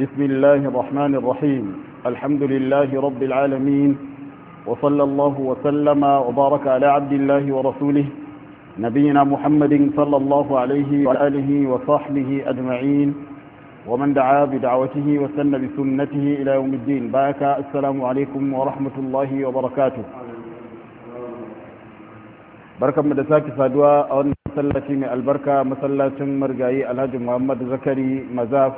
بسم الله الرحمن الرحيم الحمد لله رب العالمين وصلى الله وسلم وبارك على عبد الله ورسوله نبينا محمد صلى الله عليه وآله وصحبه أجمعين ومن دعا بدعوته وسن بسنته إلى يوم الدين باك السلام عليكم ورحمة الله وبركاته بركة مدساك سادوا أولا مسلتي من البركة مسلتي مرجعي الهج محمد زكري مزاف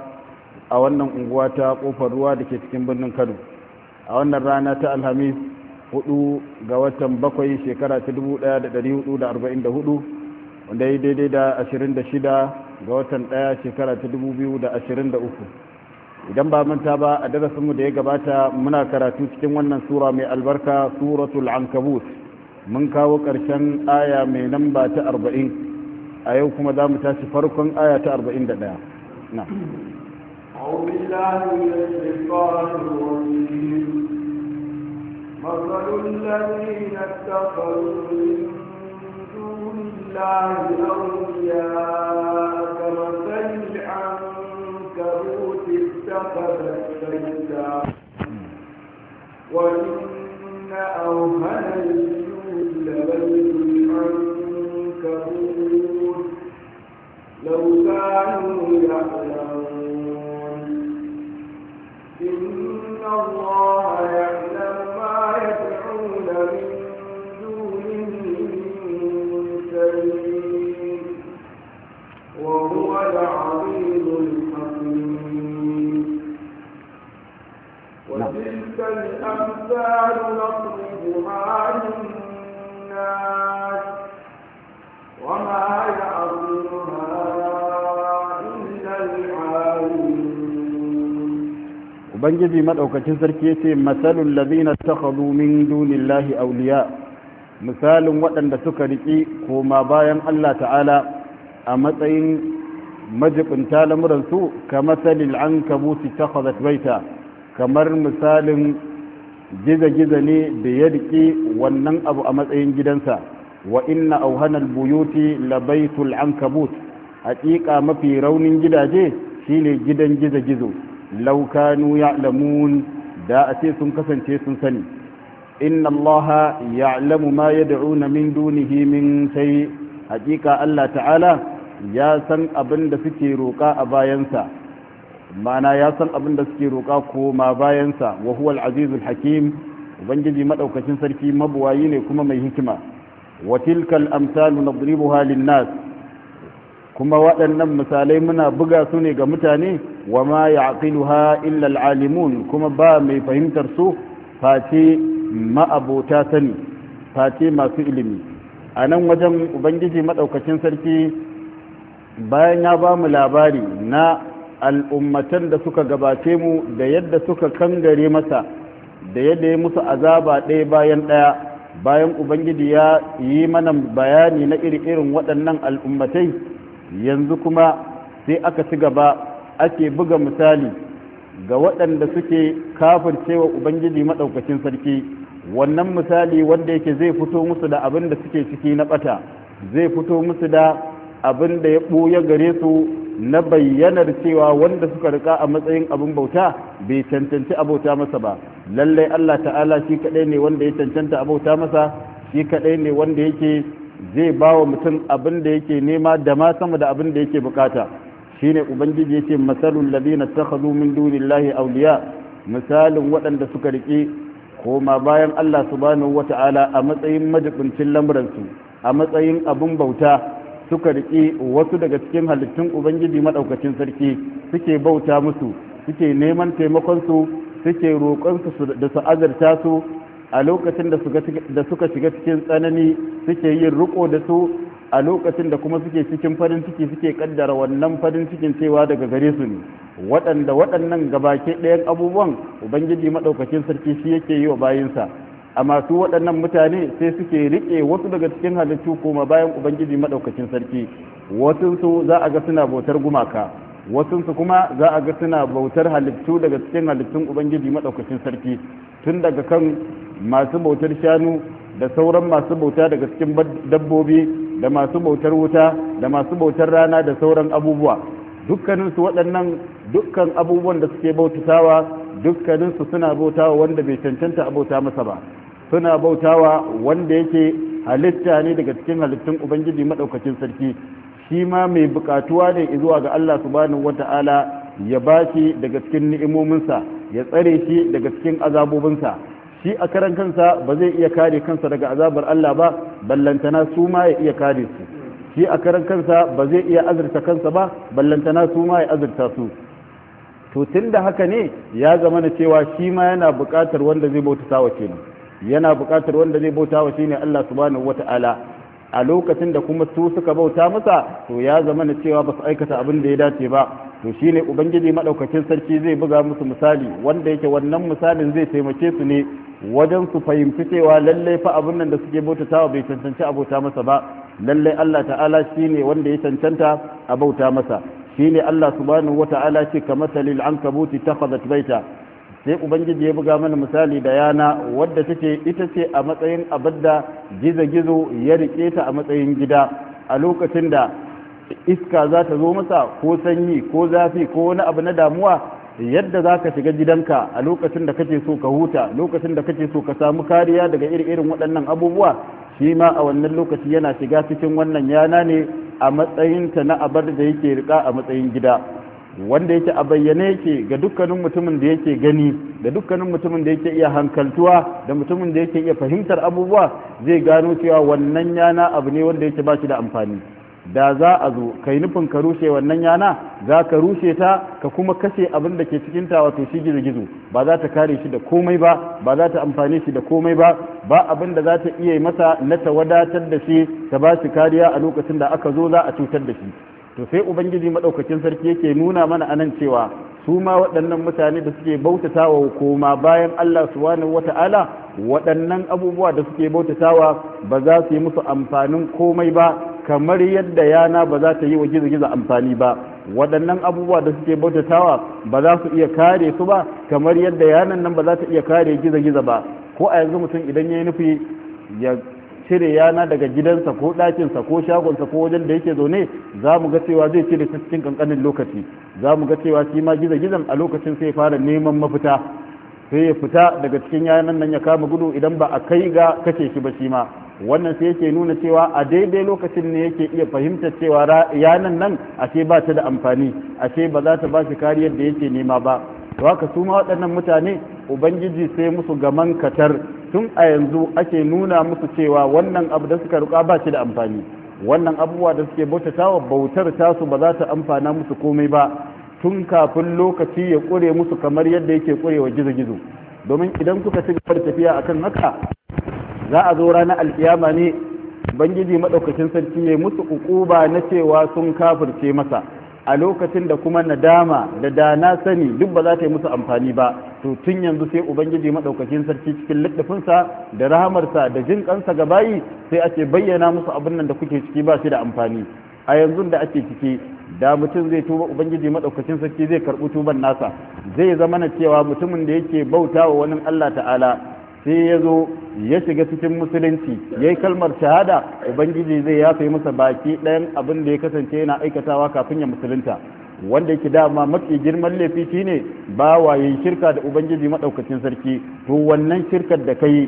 a wannan unguwa ta kofar ruwa da ke cikin birnin kano a wannan rana ta alhamis 4 ga watan bakwai shekara ta 1444 wanda ya daidai da 26 ga watan 1 shekara ta 2023 idan ba manta ba a darasinmu da ya gabata muna karatu cikin wannan sura mai albarka suratul ankabut mun kawo ƙarshen aya mai namba ta 40 a yau kuma za mu tashi farkon aya ta 41 na أعوذ بالله من الشيطان الرجيم مثل الذين اتخذوا من دون الله أولياء كمثل العنكبوت اتخذت بيتا وإن أوهن البيوت لبيت العنكبوت لو كانوا يعلمون إن الله يعلم ubangiji maɗaukacin sarki yace masalul ladina takhadhu min dunillahi awliya misalin waɗanda suka riki koma bayan Allah ta'ala a matsayin majibinta lamuran su kamasalil ankabuti takhadhat baita kamar misalin giza-giza ne da ya wannan abu a matsayin gidansa wa inna auhanal buyuti labaitul ankabut haƙiƙa mafi raunin gidaje shine gidan gizo-gizo laukanu ya'lamun da a ce sun kasance sun sani inna ya ya'lamu ma yad'una min dunihi min sai hakika Allah ta'ala ya san abin da suke roƙa a bayansa mana ya san abin da suke roƙa koma bayansa wa huwal azizul hakim ubangiji madaukakin sarki mabuwayi ne kuma mai hikima wa tilkal amsalu nadribuha lin nas kuma waɗannan misalai muna buga su ne ga mutane wa ma ya'qiluha illa al'alimun kuma ba mai fahimtar su face ma'abota sani face masu ilimi a nan wajen ubangiji maɗaukacin sarki bayan ya ba mu labari na al'ummatan da suka gabace mu da yadda suka kangare masa da yadda ya musu azaba ɗaya bayan ɗaya bayan ubangiji ya yi mana bayani na iri-irin waɗannan al'ummatai yanzu kuma sai aka ci gaba ake buga misali ga waɗanda suke kafircewa ubangiji maɗaukacin sarki wannan misali wanda yake zai fito musu da abin da suke ciki na ɓata zai fito musu da abin da ya ɓoye gare su na bayyanar cewa wanda suka rika a matsayin abin bauta bai cancanci abauta masa ba lallai allah ta'ala shi kaɗai ne wanda ya cancanta abauta masa shi kaɗai ne wanda yake zai ba wa mutum abin da yake nema da ma sama da abin da yake bukata shine ubangiji yace masalul ladina takhadhu min dunillahi awliya misalin waɗanda suka rike koma bayan Allah subhanahu wata'ala a matsayin majibincin lamuransu a matsayin abin bauta suka rike wasu daga cikin halittun ubangiji madaukakin sarki suke bauta musu suke neman taimakonsu, suke roƙon da su azarta su a lokacin da suka shiga cikin tsanani suke yin riko da su a lokacin da kuma suke cikin farin ciki suke kaddara wannan farin cikin cewa daga gare su ne waɗanda waɗannan gabake ɗayan abubuwan ubangiji maɗaukacin sarki shi yake yi wa bayinsa amma su waɗannan mutane sai suke riƙe wasu daga cikin halittu kuma bayan ubangiji maɗaukacin sarki wasunsu za a ga suna bautar gumaka wasunsu kuma za a ga suna bautar halittu daga cikin halittun ubangiji maɗaukacin sarki tun daga kan masu bautar shanu da sauran masu bauta daga cikin dabbobi da masu bautar wuta da masu bautar rana da sauran abubuwa dukkaninsu waɗannan dukkan abubuwan da suke bautatawa dukkaninsu suna bautawa wanda bai cancanta abauta masa ba suna bautawa wanda yake halitta ne daga cikin halittun ubangiji maɗaukacin sarki shi ma mai buƙatuwa ne zuwa ga allah subhanahu wata'ala ya ba shi daga cikin ni'imominsa ya tsare shi daga cikin azabobinsa shi a karan kansa ba zai iya kare kansa daga azabar Allah ba ballantana su ma ya iya kare su shi a karan kansa ba zai iya azurta kansa ba ballantana su ma ya azurta su to tun da haka ne ya zama na cewa shi ma yana buƙatar wanda zai bauta wa kenan yana buƙatar wanda zai bauta wa shine Allah subhanahu wata'ala a lokacin da kuma su suka bauta masa to ya zama na cewa ba su aikata abin da ya dace ba to shi ne ubangiji maɗaukacin sarki zai buga musu misali wanda yake wannan misalin zai taimake su ne wajen su fahimci cewa lallai fa abun nan da suke bautatawa bai cancanci abauta masa ba lallai Allah ta'ala shi ne wanda ya cancanta abauta masa shi ne Allah subhanahu wata'ala ce kamar salil ankabuti takhazat baita sai ubangiji ya buga mana misali da yana wadda take ita ce a matsayin abadda gizo-gizo ya rike ta a matsayin gida a lokacin da iska za ta zo masa ko sanyi ko zafi ko wani abu na damuwa yadda za ka shiga gidanka a lokacin da kake so ka huta lokacin da kake so ka samu kariya daga irin waɗannan abubuwa shi ma a wannan lokaci yana shiga cikin wannan yana ne a matsayinta na abar da yake rika a matsayin gida wanda yake a bayyane yake ga dukkanin mutumin da yake gani da dukkanin mutumin da yake iya hankaltuwa da mutumin da yake iya fahimtar abubuwa zai gano cewa wannan yana abu ne wanda yake ba shi da amfani da za a zo kai nufin ka rushe wannan yana za ka rushe ta ka kuma kashe abin da ke cikin ta wato shi gizo-gizo ba za ta kare shi da komai ba ba za ta amfani shi da komai ba ba abin da za ta iya masa na ta wadatar da shi ta ba shi kariya a lokacin da aka zo za a cutar da shi to sai ubangiji madaukakin sarki yake nuna mana anan cewa su ma waɗannan mutane da suke bautatawa koma bayan Allah subhanahu wata'ala waɗannan abubuwa da suke bautatawa ba za su yi musu amfanin komai ba kamar yadda yana ba za ta yi wa gizo-gizo amfani ba waɗannan abubuwa da suke bautatawa ba za su iya kare su ba kamar yadda yanan nan ba za ta iya kare gizo-gizo ba ko a yanzu mutum idan ya yi nufi ya cire yana daga gidansa ko ɗakinsa ko shagonsa ko wajen da yake zaune za mu ga cewa zai cire ta cikin ƙanƙanin lokaci za mu ga cewa shi ma gizo-gizon a lokacin sai fara neman mafita sai ya fita daga cikin yanan nan ya kama gudu idan ba a kai ga kashe shi ba shi ma wannan sai yake nuna cewa a daidai lokacin ne yake iya fahimtar cewa yanan nan ashe ba ta da amfani ashe ba za ta ba shi kariyar da yake nema ba to haka su ma waɗannan mutane ubangiji sai musu gaman katar tun a yanzu ake nuna musu cewa wannan abu da suka ruka ba shi da amfani wannan abubuwa da suke bautatawa bautar tasu ba za ta amfana musu komai ba tun kafin lokaci ya ƙure musu kamar yadda yake ƙurewa gizo-gizo domin idan kuka ci gaba da tafiya akan haka za a zo ranar alkiyama ne bangiji maɗaukacin sarki ya musu ukuba na cewa sun kafirce masa a lokacin da kuma nadama da da na sani duk ba za ta yi musu amfani ba to tun yanzu sai ubangiji maɗaukacin sarki cikin littafinsa da rahamarsa da jin kansa ga bayi sai ake bayyana musu abin nan da kuke ciki ba shi da amfani a yanzu da ake ciki da mutum zai tuba ubangiji maɗaukacin sarki zai karɓi tuban nasa zai zama na cewa mutumin da yake bauta wa wani Allah ta'ala sai ya zo ya shiga cikin musulunci ya yi kalmar shahada ubangiji zai yafe masa baki ɗayan abin da ya kasance yana aikatawa kafin ya musulunta wanda yake dama mafi girman laifi shine ba wa waye shirka da ubangiji maɗaukacin sarki to wannan shirkar da kai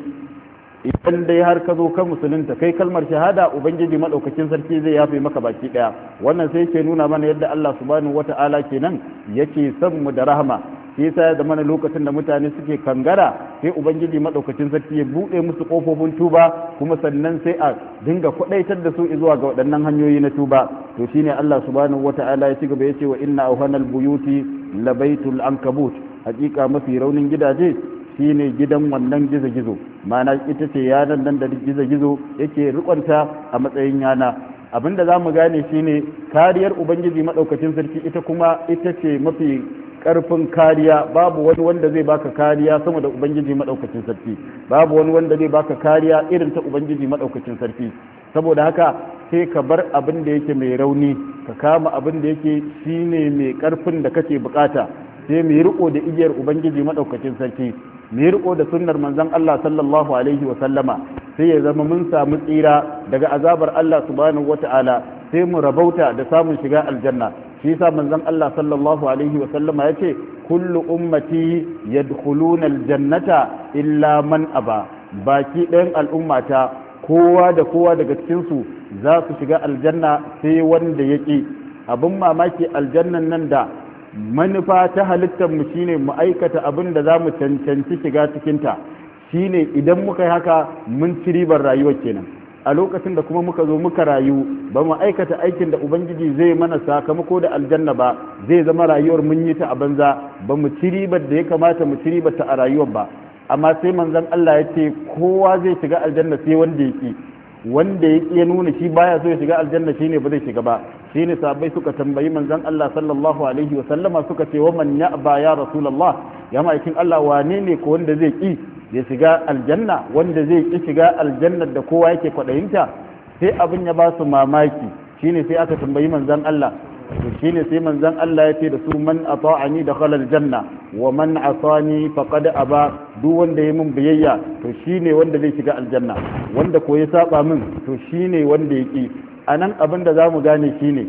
idan dai har ka zo kan musulunta kai kalmar shahada ubangiji maɗaukacin sarki zai yafe maka baki ɗaya wannan sai ke nuna mana yadda allah subhanahu wata'ala kenan yake son mu da rahama shi yasa da mana lokacin da mutane suke kangara sai ubangiji madaukakin sarki ya bude musu kofofin tuba kuma sannan sai a dinga kudaitar da su zuwa ga waɗannan hanyoyi na tuba to shine Allah subhanahu wataala ya ci gaba yace wa inna awhanal buyuti labaitul ankabut hakika mafi raunin gidaje shine gidan wannan gizo-gizo mana ita ce yanar nan da gizo-gizo yake rikonta a matsayin yana abinda za mu gane shine kariyar ubangiji maɗaukacin sarki ita kuma ita ce mafi karfin kariya babu wani wanda zai baka kariya sama da ubangiji madaukakin sarki babu wani wanda zai baka kariya irin ta ubangiji madaukakin sarki saboda haka sai ka bar abin da yake mai rauni ka kama abin da yake shine mai ƙarfin da kake bukata sai mu riko da igiyar ubangiji madaukakin sarki mu riko da sunnar manzon Allah sallallahu alaihi wa sallama sai ya zama mun samu tsira daga azabar Allah subhanahu wataala sai mu rabauta da samun shiga aljanna shi yasa manzon Allah sallallahu alaihi wa sallama yace kullu ummati yadkhuluna aljannata illa man aba baki ɗayan al'ummata kowa da kowa daga cikin su za su shiga aljanna sai wanda yake abin mamaki aljannan nan da manufa ta halittar mu shine mu aikata abin da za mu cancanci shiga cikinta shine idan muka yi haka mun ci ribar rayuwar kenan a lokacin da kuma muka zo muka rayu ba mu aikata aikin da ubangiji zai mana sakamako da aljanna ba zai zama rayuwar mun yi ta a banza ba mu ci ribar da ya kamata mu ci ribar ta a rayuwar ba amma sai manzon Allah ya ce kowa zai shiga aljanna sai wanda ya ki wanda ya ya nuna shi baya so ya shiga aljanna shine ba zai shiga ba shine sahabbai suka tambayi manzon Allah sallallahu alaihi wa sallama suka ce wa man ba ya rasulullah ya ma'aikin Allah wane ne ko wanda zai ki ya shiga aljanna wanda zai ki shiga aljanna da kowa yake kwaɗayinta sai abin ya ba su mamaki shine sai aka tambayi manzan Allah to shine sai manzon Allah ya ce da su man ata'ani dakhala aljanna wa man asani faqad aba duk wanda ya min biyayya to shine wanda zai shiga aljanna wanda ko ya saba min to shine wanda ya anan abin da zamu gane shine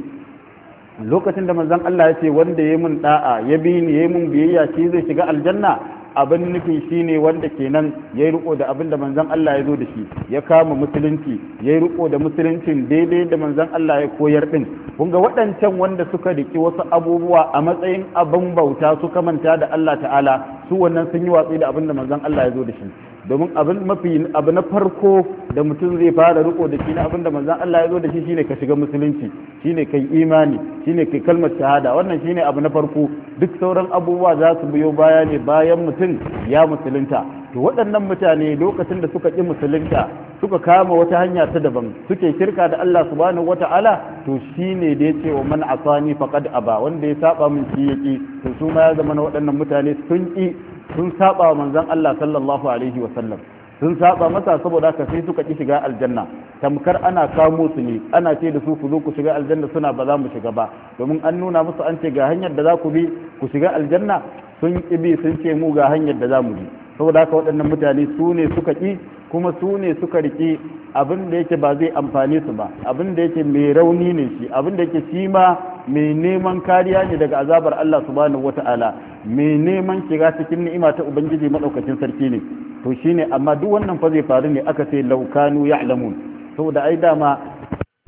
lokacin da manzan Allah ya ce wanda ya mun da'a ya bi ni ya mun biyayya shi zai shiga aljanna abin nufi shine wanda kenan ya yi riko da abin da manzan Allah ya zo da shi ya kama musulunci ya yi riko da musuluncin daidai da manzon Allah ya koyar din kun ga waɗancan wanda suka riki wasu abubuwa a matsayin abin bauta suka manta da Allah ta'ala su wannan sun yi watsi da abin da manzan Allah ya zo da shi domin abin mafi abu na farko da mutum zai fara riko da shi na abin da manzan Allah ya zo da shi shine ka shiga musulunci shine kai imani shine kai kalmar shahada wannan shine abu na farko duk sauran abubuwa za su biyo baya ne bayan mutum ya musulunta to waɗannan mutane lokacin da suka ƙi musulunta suka kama wata hanya ta daban suke shirka da Allah subhanahu wata'ala to shine da yace wa man asani faqad aba wanda ya saba min shi yaki to su ma ya zama waɗannan mutane sun ƙi sun saba wa manzon Allah sallallahu alaihi wa sallam sun saba masa saboda haka sai suka ki shiga aljanna tamkar ana kamo su ne ana ce da su ku zo ku shiga aljanna suna ba za mu shiga ba domin an nuna musu an ce ga hanyar da za ku bi ku shiga aljanna sun ƙi bi sun ce mu ga hanyar da za mu bi saboda haka waɗannan mutane su ne suka ki kuma su ne suka riƙe abin da yake ba zai amfane su ba abin da yake mai rauni ne shi abin da yake shi ma mai neman kariya ne daga azabar Allah subhanahu wata'ala mai neman shiga cikin ni'ima ta ubangiji madaukakin sarki ne to shine amma duk wannan fa zai faru ne aka ce laukanu ya'lamun saboda ai dama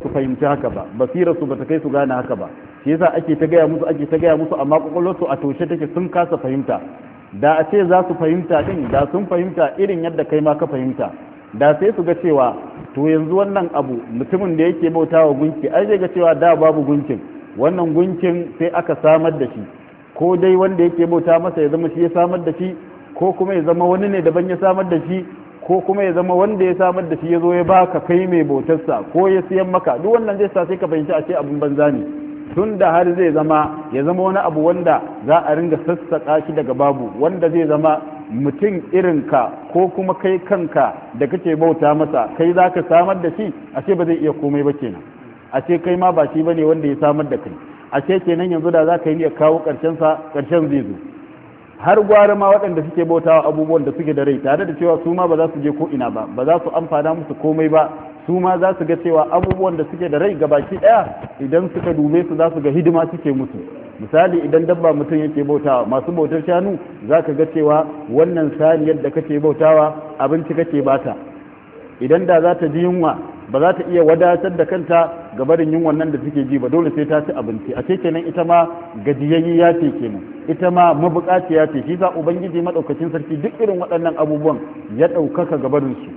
su fahimci haka ba basira su bata kai su gane haka ba shi yasa ake ta gaya musu ake ta gaya musu amma kokolosu a toshe take sun kasa fahimta da a ce za su fahimta din da sun fahimta irin yadda kai ma ka fahimta da sai su ga cewa to yanzu wannan abu mutumin da yake bautawa wa gunki ai zai ga cewa da babu gunkin wannan gunkin sai aka samar da shi ko dai wanda yake bauta masa ya zama shi ya samar da shi ko kuma ya zama wani ne daban ya samar da shi ko kuma ya zama wanda ya samar da shi ya zo ya baka kai mai bautarsa ko ya siyan maka duk wannan zai sa sai ka fahimci a ce abin banza ne tun da har zai zama ya zama wani abu wanda za a ringa sassaƙa shi daga babu wanda zai zama mutum ka ko kuma kai kanka da kake bauta masa kai za ka samar da shi a ce ba zai iya komai ba kenan a ce kai ma ba shi bane wanda ya samar da kai a ce kenan yanzu da za ka yi ya kawo karshen sa karshen zai zo har gwara ma waɗanda suke bautawa abubuwan da suke da rai tare da cewa su ma ba za su je ko ina ba ba za su amfana musu komai ba su ma za su ga cewa abubuwan da suke da rai ga baki ɗaya idan suka dube su za su ga hidima suke musu misali idan dabba mutum yake bautawa masu bautar shanu za ka ga cewa wannan saniyar da kake bautawa abinci kake bata idan da za ta ji yunwa ba za ta iya wadatar da kanta ga barin yin wannan da suke ji ba dole sai ta ci abinci a kenan ita ma ya ce kenan ita ma mabukaciya ce shi za ubangiji madaukakin sarki duk irin waɗannan abubuwan ya ɗaukaka ga barin su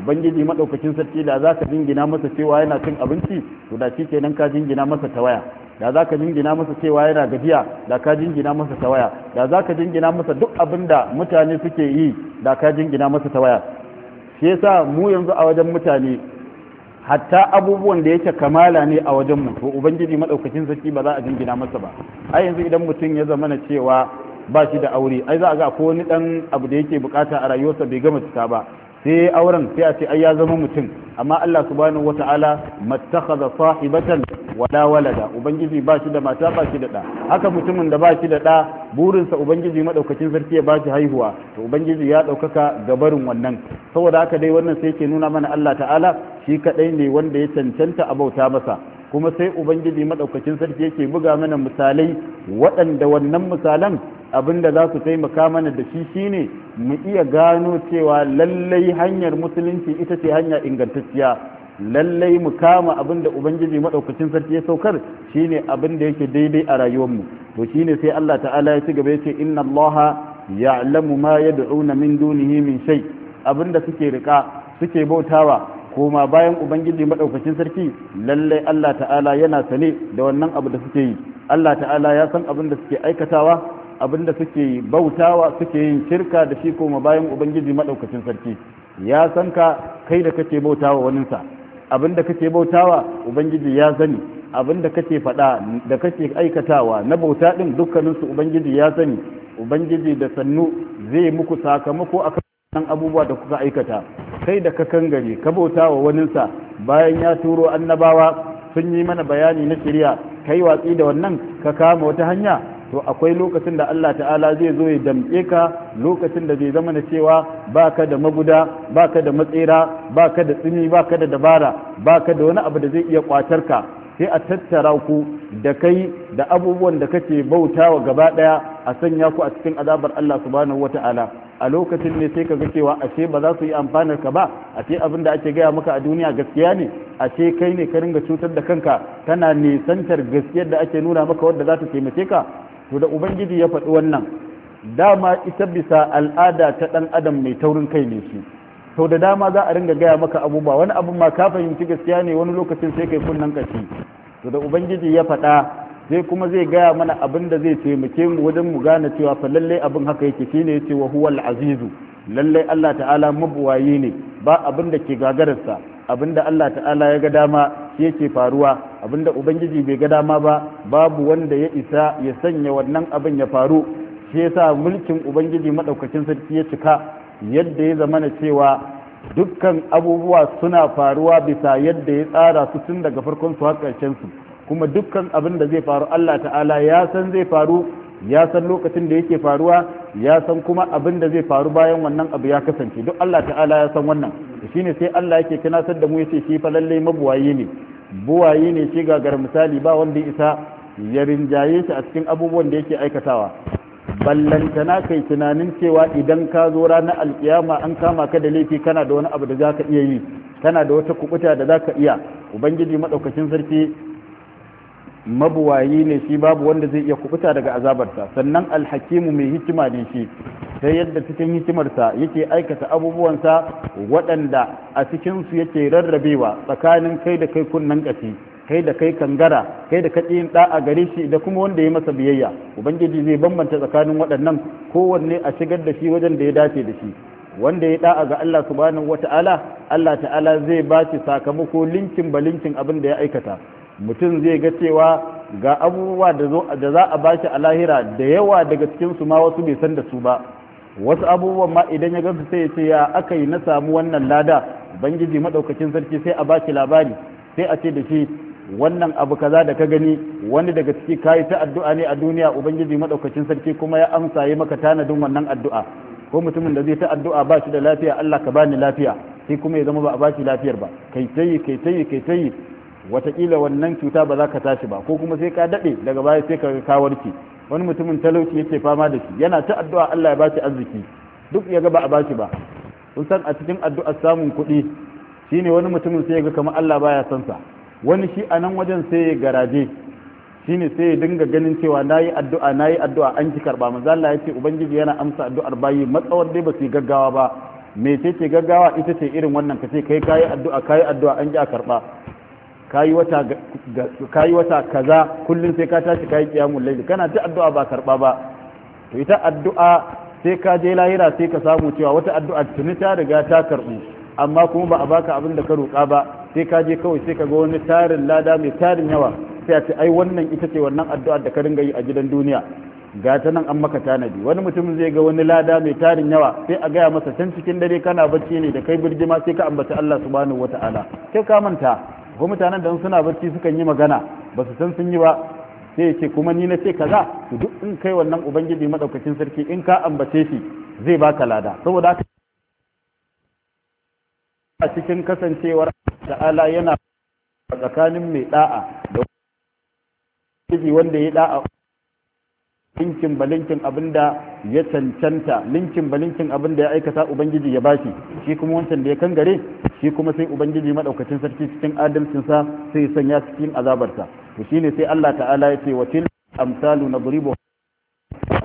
ubangiji madaukakin sarki da za ka jingina masa cewa yana cin abinci to da shi kenan ka jingina masa ta waya da za ka jingina masa cewa yana gajiya da ka jingina masa ta waya da za ka jingina masa duk abin da mutane suke yi da ka jingina masa ta waya shi yasa mu yanzu a wajen mutane hatta abubuwan da yake kamala ne a wajen mu to ubangiji madaukakin sarki ba za a jingina masa ba ai yanzu idan mutum ya zama na cewa ba shi da aure ai za a ga ko wani dan abu da yake bukata a rayuwarsa bai gama cika ba sai auren sai a ce ai ya zama mutum amma Allah subhanahu wata'ala mattakhadha sahibatan wala walada ubangiji ba shi da mata ba shi da da haka mutumin da ba shi da da burinsa ubangiji madaukakin sarki ya ba shi haihuwa to ubangiji ya daukaka gabarin wannan saboda haka dai wannan sai ke nuna mana Allah ta'ala shi kadai ne wanda ya cancanta bauta masa kuma sai ubangiji madaukakin sarki yake buga mana misalai waɗanda wannan misalan abinda za su taimaka mana da shi shine mu iya gano cewa lallai hanyar musulunci ita ce hanya ingantacciya lallai mu kama abinda ubangiji madaukakin sarki ya saukar shine abinda yake daidai a rayuwar mu to shine sai Allah ta'ala ya ci gaba ce inna allaha ya'lamu ma yad'una min dunihi min shay abinda suke rika suke bautawa koma bayan ubangiji madaukakin sarki lallai Allah ta'ala yana sane da wannan abu da suke yi Allah ta'ala ya san abin da suke aikatawa abin da suke bautawa suke yin shirka da shi koma bayan ubangiji madaukakin sarki ya san ka kai da kake bautawa waninsa abin da kake bautawa ubangiji ya sani abin da kake faɗa da kake aikatawa na bauta ɗin dukkaninsu ubangiji ya sani ubangiji da sannu zai muku sakamako akan abubuwa da kuka aikata kai da ka kan kangare ka bauta wa waninsa bayan ya turo annabawa sun yi mana bayani na shirya kai watsi da wannan ka kama wata hanya to akwai lokacin da Allah ta'ala zai zo ya damƙe ka lokacin da zai zama na cewa baka da maguda baka da matsera baka da tsini baka da dabara baka da wani abu da zai iya kwatar ka sai a tattara ku da kai da abubuwan da kake bautawa gaba daya a sanya ku a cikin azabar Allah subhanahu wata'ala a lokacin ne sai ka ga cewa ashe ba za su yi amfanar ka ba ashe abin da ake gaya maka a duniya gaskiya ne ashe kai ne ka ringa cutar da kanka kana nisantar gaskiyar da ake nuna maka wadda za ta taimake ka to da ubangiji ya faɗi wannan dama ita bisa al'ada ta ɗan adam mai taurin kai ne shi to da dama za a ringa gaya maka abubuwa wani abin ma ka fahimci gaskiya ne wani lokacin sai kai kunnan kashi to da ubangiji ya faɗa sai kuma zai gaya mana abin da zai taimake mu wajen mu gane cewa fa lalle abin haka yake shine yace wa huwal azizu lalle Allah ta'ala mabwayi ne ba abin da ke gagararsa abin da Allah ta'ala ya ga dama shi yake faruwa abin da ubangiji bai ga dama ba babu wanda ya isa ya sanya wannan abin ya faru shi yasa mulkin ubangiji madaukakin sarki ya cika yadda ya zamana cewa dukkan abubuwa suna faruwa bisa yadda ya tsara su tun daga farkon su har ƙarshen su kuma dukkan abin da zai faru Allah ta'ala ya san zai faru ya san lokacin da yake faruwa ya san kuma abin da zai faru bayan wannan abu ya kasance duk Allah ta'ala ya san wannan shine sai Allah yake tunatar da mu yace shi fa lalle mabuwaye ne buwaye ne shi gagar misali ba wanda isa ya rinjaye shi a cikin abubuwan da yake aikatawa ballantana kai tunanin cewa idan ka zo ranar alkiyama an kama ka da laifi kana da wani abu da zaka iya yi kana da wata kubuta da zaka iya ubangiji madaukakin sarki mabuwayi ne shi babu wanda zai iya kubuta daga azabarsa sannan alhakimu mai hikima ne shi sai yadda cikin hikimarsa yake aikata abubuwansa waɗanda a cikinsu yake rarrabewa tsakanin kai da kai kunnen ƙashi kai da kai kangara kai da kaɗi ɗa a gare shi da kuma wanda ya masa biyayya ubangiji zai bambanta tsakanin waɗannan kowanne a shigar da shi wajen da ya dace da shi wanda ya da'a ga Allah subhanahu wata'ala Allah ta'ala zai ba shi sakamako linkin ba linkin abin da ya aikata mutum zai ga cewa ga abubuwa da za a bashi a lahira da yawa daga cikinsu ma wasu bai san da su ba wasu abubuwan ma idan ya gansu sai ya ce ya aka yi na samu wannan lada bangiji maɗaukacin sarki sai a bashi labari sai a ce da shi wannan abu kaza da ka gani wani daga ciki kayi ta addu'a ne a duniya ubangiji maɗaukacin sarki kuma ya amsa yi maka tanadin wannan addu'a ko mutumin da zai ta addu'a ba shi da lafiya Allah ka bani lafiya sai kuma ya zama ba a ba shi lafiyar ba kai tayi kai tayi kai tayi watakila wannan cuta ba za ka tashi ba ko kuma sai ka daɗe daga baya sai ka ka warke wani mutumin talauci yake fama da shi yana ta addu'a Allah ya ba shi arziki duk ya ga ba a ba shi ba kun san a cikin addu'ar samun kuɗi shine wani mutumin sai ya ga kamar Allah baya son sa wani shi a nan wajen sai ya garaje shine sai ya dinga ganin cewa nayi addu'a nayi addu'a an ki karba manzo Allah ya ubangiji yana amsa addu'ar bayi matsawar dai ba su gaggawa ba me ce gaggawa ita ce irin wannan ka ce kai kayi addu'a kayi addu'a an ki a karba ka wata wata kaza kullum sai ka tashi yi kiyamun laifin kana ta addu'a ba karɓa ba to ita addu'a sai ka je lahira sai ka samu cewa wata addu'a tuni ta riga ta karbu amma kuma ba a baka abin da ka roƙa ba sai ka je kawai sai ka ga wani tarin lada mai tarin yawa sai a ce ai wannan ita ce wannan addu'a da ka ringa yi a gidan duniya ga ta nan an maka tanadi wani mutum zai ga wani lada mai tarin yawa sai a gaya masa can cikin dare kana bacci ne da kai birgima sai ka ambaci Allah subhanahu wataala sai ka manta ko mutanen da suna barci sukan yi magana ba su san sun yi ba sai ya ce kuma ni na ce kaza to duk in kai wannan ubangiji madaukakin sarki in ka ambace shi zai baka lada saboda haka a cikin kasancewar ala yana tsakanin mai da'a da wanda ya da'a linkin ba linkin abin da ya cancanta linkin ba linkin abin da ya aikata ubangiji ya bashi shi kuma wancan da ya kangare shi kuma sai ubangiji madaukakin sarki cikin adalcin sa sai ya sanya cikin azabarsa to shine sai Allah ta'ala ya ce wa amsalu nadribu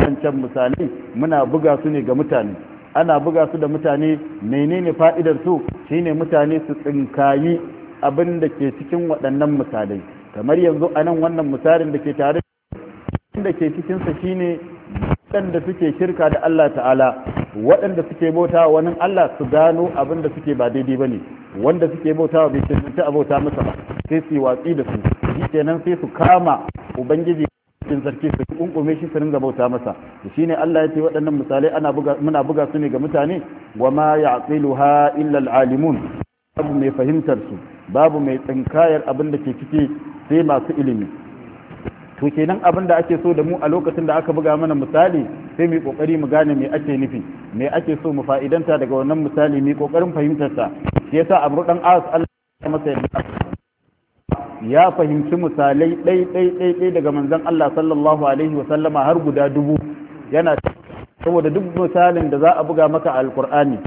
wancan misalai muna buga su ne ga mutane ana buga su da mutane menene fa'idar su shine mutane su tsinkayi abin da ke cikin waɗannan misalai kamar yanzu anan wannan misalin da ke tare da ke cikinsa shine waɗanda suke kirka da Allah ta'ala waɗanda suke bauta wani Allah su gano abin da suke ba daidai ba ne wanda suke bauta wa bai ta a masa ba sai su watsi da su shi kenan sai su kama ubangiji cikin sarki su kunkume shi su ringa bauta masa shine Allah ya ce waɗannan misalai ana buga muna buga su ne ga mutane wa ma ya'qiluha illa al-alimun babu mai fahimtar su babu mai tsinkayar abin da ke ciki sai masu ilimi to kenan abin da ake so da mu a lokacin da aka buga mana misali sai mu kokari mu gane me ake nufi me ake so mu fa'idanta daga wannan misali mu kokarin fahimtar sa shi yasa Amr dan As Allah ya masa yadda ya fahimci misalai ɗai ɗai ɗai dai daga manzon Allah sallallahu alaihi wa sallama har guda dubu yana saboda duk misalin da za a buga maka a alqur'ani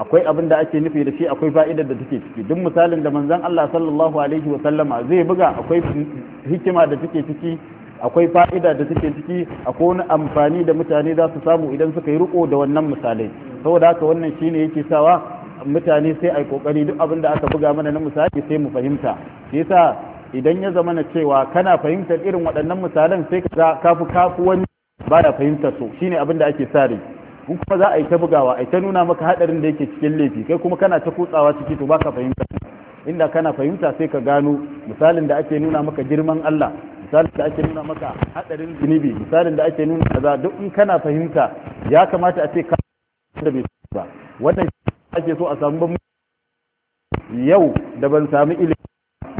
akwai abin da ake nufi da shi akwai fa'idar da take ciki duk misalin da manzon Allah sallallahu alaihi wa sallama zai buga akwai hikima da take ciki akwai fa'ida da take ciki akwai wani amfani da mutane za su samu idan suka yi riko da wannan misalai saboda haka wannan shine yake sawa mutane sai ai kokari duk abin da aka buga mana na misali sai mu fahimta shi yasa idan ya zama na cewa kana fahimtar irin waɗannan misalan sai ka kafu kafu wani ba da fahimtar su shine abin da ake sare in kuma za a yi ta bugawa a yi ta nuna maka hadarin da yake cikin laifi kai kuma kana ta kutsawa ciki to baka fahimta inda kana fahimta sai ka gano misalin da ake nuna maka girman Allah misalin da ake nuna maka hadarin zunubi misalin da ake nuna kaza duk in kana fahimta ya kamata a ce ka da bai ba wannan ake so a samu ban yau da ban samu ilimi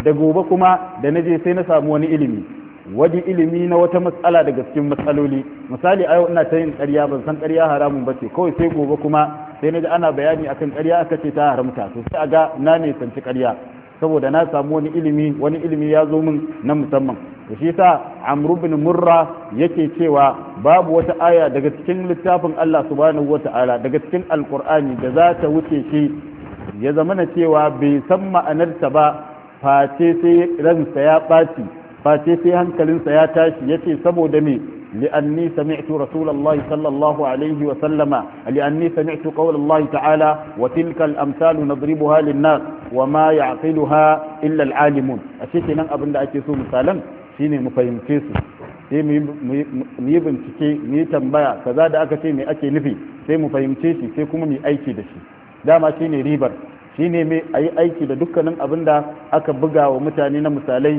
da gobe kuma da naje sai na samu wani ilimi wani ilimi na wata matsala daga cikin matsaloli misali a yau ina ta yin ƙarya ban san ƙarya haramun ba ce kawai sai gobe kuma sai na ji ana bayani akan ƙarya aka ce ta haramta to sai a ga na ne sanci ƙarya saboda na samu wani ilimi wani ilimi ya zo min na musamman to shi yasa amru bin murra yake cewa babu wata aya daga cikin littafin Allah subhanahu wataala daga cikin alkur'ani da za ta wuce shi ya zama na cewa bai san ma'anarta ba face sai ransa ya ɓaci face sai hankalinsa ya tashi ya ce saboda mai li'anni sami'tu rasulullahi sallallahu alaihi wa sallama li'anni sami'tu qawlallahi ta'ala wa tilka al-amsalu nadribuha lin wa ma ya'qiluha illa al-alimun ashe kenan abinda ake so misalan shine mu fahimce su sai mu yi bincike mu yi tambaya kaza da aka ce me ake nufi sai mu fahimce shi sai kuma mu yi aiki da dama shine ribar shine mai ayi aiki da dukkanin abin da aka buga wa mutane na misalai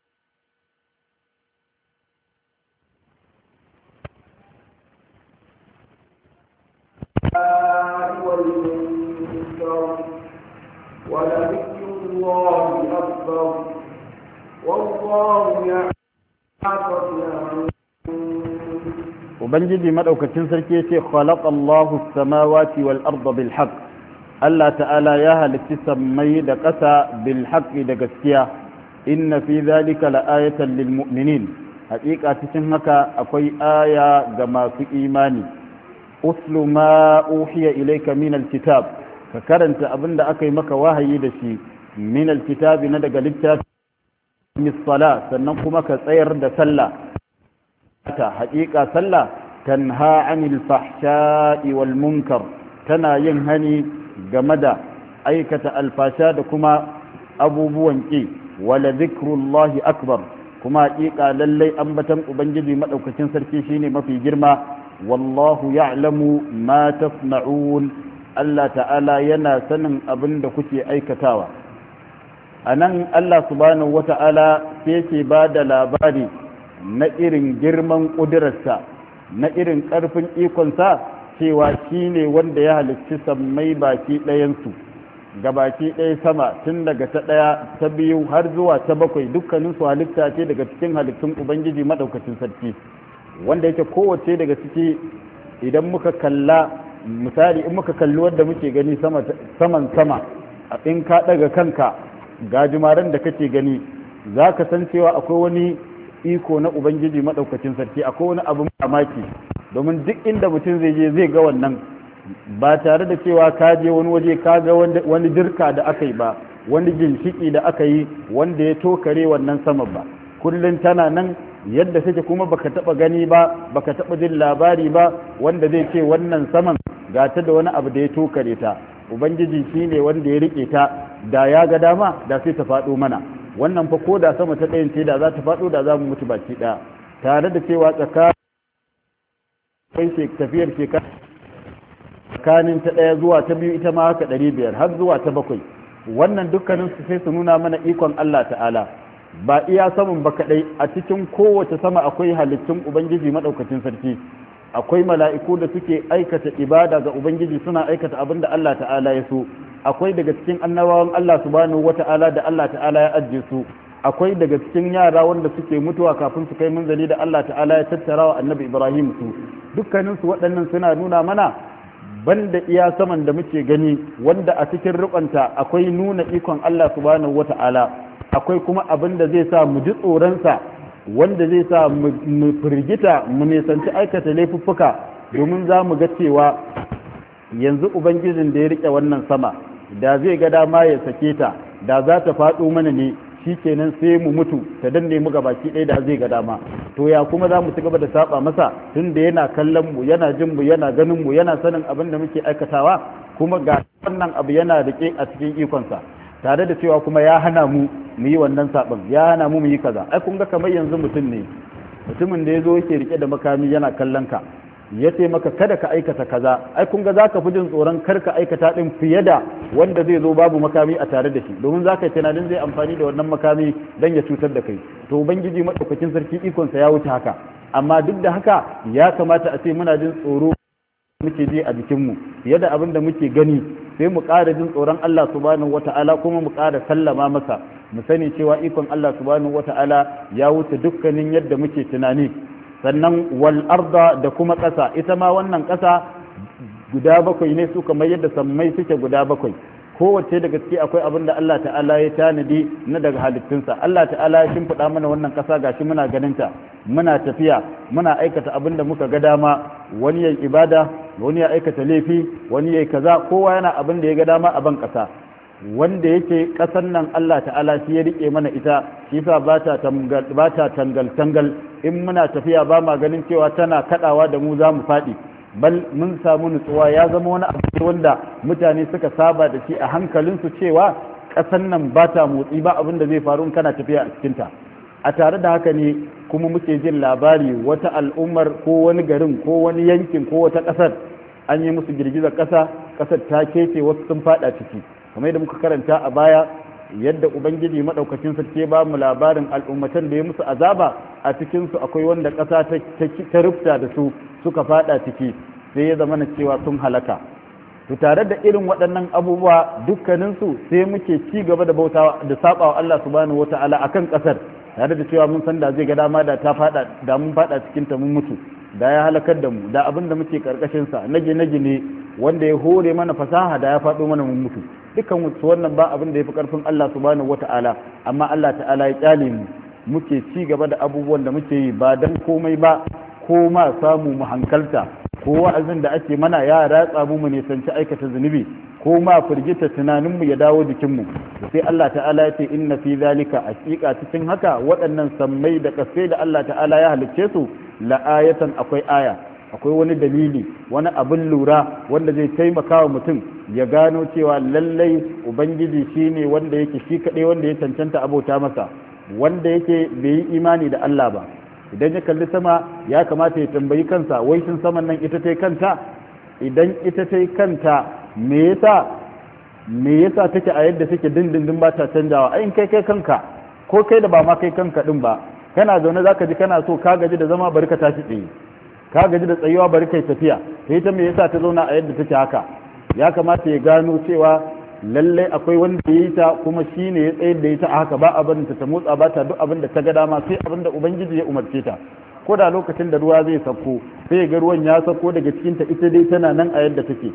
والمنكر ولذكر الله أكبر والله يعلم Ubangiji maɗaukacin sarki ya ce, Khalaƙallahu samawati wal arda bil haqq Allah ta'ala ya halitti sammai da ƙasa bil haqqi da gaskiya, inna fi zalika la'ayatan lil mu'minin, haƙiƙa cikin haka akwai aya ga masu imani. uslu ma uhiya ilayka min alkitab ka karanta abin da aka yi maka wahayi da shi min alkitabi na daga littafi misala sannan kuma ka tsayar da sallah ta haƙiƙa sallah tanha anil fahsha'i wal munkar tana yin hani game da aikata alfasha da kuma abubuwan ƙi wala zikrullahi akbar kuma haƙiƙa lallai ambatan ubangiji maɗaukacin sarki shine mafi girma wallahu ya'lamu ma tasna'un Allah ta'ala yana sanin abin da kuke aikatawa a nan Allah subhanahu wata'ala sai ke ba da labari na irin girman ƙudurarsa na irin ƙarfin ikonsa cewa shi ne wanda ya halicci sammai baki ɗayansu ga baki ɗaya sama tun daga ta ɗaya ta biyu har zuwa ta bakwai dukkaninsu halitta ce daga cikin halittun ubangiji maɗaukacin sarki wanda yake kowace daga ciki idan muka kalla misali in muka kalli wanda muke gani saman sama in ka daga kanka gajimaren da kake gani za ka san cewa akwai wani iko na ubangiji maɗaukacin sarki akwai wani abu mamaki domin duk inda mutum zai je zai ga wannan ba tare da cewa ka je wani waje ka ga wani dirka da aka yi ba wani ginshiki da aka yi wanda ya tokare wannan saman ba kullum tana nan yadda take kuma baka taba gani ba baka taba jin labari ba wanda zai ce wannan saman ga ta da wani abu da ya tokare ta ubangiji shine wanda ya rike ta da ya ga dama da sai ta faɗo mana wannan fa ko da sama ta ɗayan ce da za ta faɗo da za mu mutu baki ɗaya tare da cewa tsakanin tafiyar shekara tsakanin ta ɗaya zuwa ta biyu ita ma haka ɗari biyar har zuwa ta bakwai wannan dukkanin su sai su nuna mana ikon Allah ta'ala ba iya saman ba kaɗai, a cikin kowace sama akwai halittun ubangiji maɗaukacin sarki akwai mala'iku da suke aikata ibada ga ubangiji suna aikata abin da Allah ta'ala ya so akwai daga cikin annabawan Allah subhanahu wata'ala da Allah ta'ala ya ajiye su akwai daga cikin yara wanda suke mutuwa kafin su kai manzali da Allah ta'ala ya tattara wa annabi Ibrahim su dukkaninsu waɗannan suna nuna mana banda iya saman da muke gani wanda a cikin rubanta akwai nuna ikon Allah subhanahu wata'ala akwai kuma abin da zai sa mu ji tsoronsa wanda zai sa mu firgita mu nisanci aikata laifuffuka domin za mu ga cewa yanzu ubangijin da ya rike wannan sama da zai ga dama ya sake ta da za ta faɗo mana ne shi kenan sai mu mutu ta danne mu gabaki ɗaya da zai ga dama to ya kuma za mu ci gaba da saba masa tunda yana kallon mu yana jin mu yana ganin mu yana sanin abin da muke aikatawa kuma ga wannan abu yana rike a cikin ikonsa tare da cewa kuma ya hana mu mu yi wannan sabon ya hana mu mu yi kaza ai kun ga kamar yanzu mutum ne mutumin da ya zo yake rike da makami yana kallon ka ya ce maka kada ka aikata kaza ai kun ga zaka fi jin tsoron kar ka aikata din fiye da wanda zai zo babu makami a tare da shi domin zaka yi tunanin zai amfani da wannan makami dan ya cutar da kai to ubangiji madaukakin sarki ikonsa ya wuce haka amma duk da haka ya kamata a ce muna jin tsoro muke ji a jikinmu fiye da abin da muke gani sai mu ƙara jin tsoron Allah subhanahu wata'ala kuma mu ƙara sallama masa mu sani cewa ikon Allah subhanahu wata'ala ya wuce dukkanin yadda muke tunani sannan wal arda da kuma ƙasa ita ma wannan ƙasa guda bakwai ne su kamar yadda sammai suke guda bakwai kowace daga ciki akwai abin da Allah ta'ala ya tanadi na daga halittunsa Allah ta'ala ya shimfiɗa mana wannan ƙasa gashi muna ganinta muna tafiya muna aikata abin da muka ga dama wani yan ibada wani ya aikata laifi wani yayi kaza kowa yana abin da ya ga dama a ban kasa wanda yake kasan nan Allah ta'ala shi ya rike mana ita shi yasa ba ta tangal ba ta tangal tangal in muna tafiya ba ma ganin cewa tana kadawa da mu za mu fadi bal mun samu nutsuwa ya zama wani abu wanda mutane suka saba da shi a hankalinsu cewa kasan nan ba ta motsi ba abin da zai faru kana tafiya a cikin ta a tare da haka ne kuma muke jin labari wata al'ummar ko wani garin ko wani yankin ko wata ƙasar an yi musu girgizar ƙasa ƙasar ta kece wasu sun faɗa ciki kamar yadda muka karanta a baya yadda ubangiji maɗaukacin sarki ba mu labarin al'ummatan da ya musu azaba a cikinsu akwai wanda ƙasa ta rufta da su suka faɗa ciki sai ya zama cewa sun halaka to tare da irin waɗannan abubuwa dukkaninsu sai muke ci gaba da bautawa da sabawa Allah subhanahu wataala akan ƙasar tare da cewa mun san da zai ga dama da ta fada da mun fada cikin ta mun mutu da ya halakar da mu da abin da muke karkashin sa nage nage ne wanda ya hore mana fasaha da ya fado mana mun mutu dukkan wannan ba abin da yafi karfin Allah subhanahu wataala amma Allah ta'ala ya kyale mu muke ci gaba da abubuwan da muke yi ba dan komai ba ko ma samu mu hankalta ko wa'azin da ake mana ya ratsa mu mu nisanci aikata zunubi ko ma firgita tunaninmu ya dawo jikinmu sai Allah ta'ala ya ce inna fi zalika hakika cikin haka waɗannan sammai da ƙasai da Allah ta'ala ya halicce su la'ayatan akwai aya akwai wani dalili wani abin lura wanda zai taimaka wa mutum ya gano cewa lallai ubangiji shine wanda yake shi kaɗai wanda ya cancanta abota masa wanda yake bai yi imani da Allah ba idan ya kalli sama ya kamata ya tambayi kansa wai shin saman nan ita ta kanta idan ita ta kanta me yasa me yasa take a yadda take dindindin ba ta canjawa ai kai kai kanka ko kai da ba ma kai kanka din ba kana zaune zaka ji kana so ka gaji da zama bari ka tashi tsaye ka gaji da tsayuwa bari kai tafiya sai ta me yasa ta zauna a yadda take haka ya kamata ya gano cewa lallai akwai wanda ya yi ta kuma shi ne ya tsayar da ita a haka ba abin ta ta motsa ba ta duk abin da ta ga dama sai abin da ubangiji ya umarce ta ko da lokacin da ruwa zai sauko sai ga ruwan ya sauko daga cikin ta ita dai tana nan a yadda take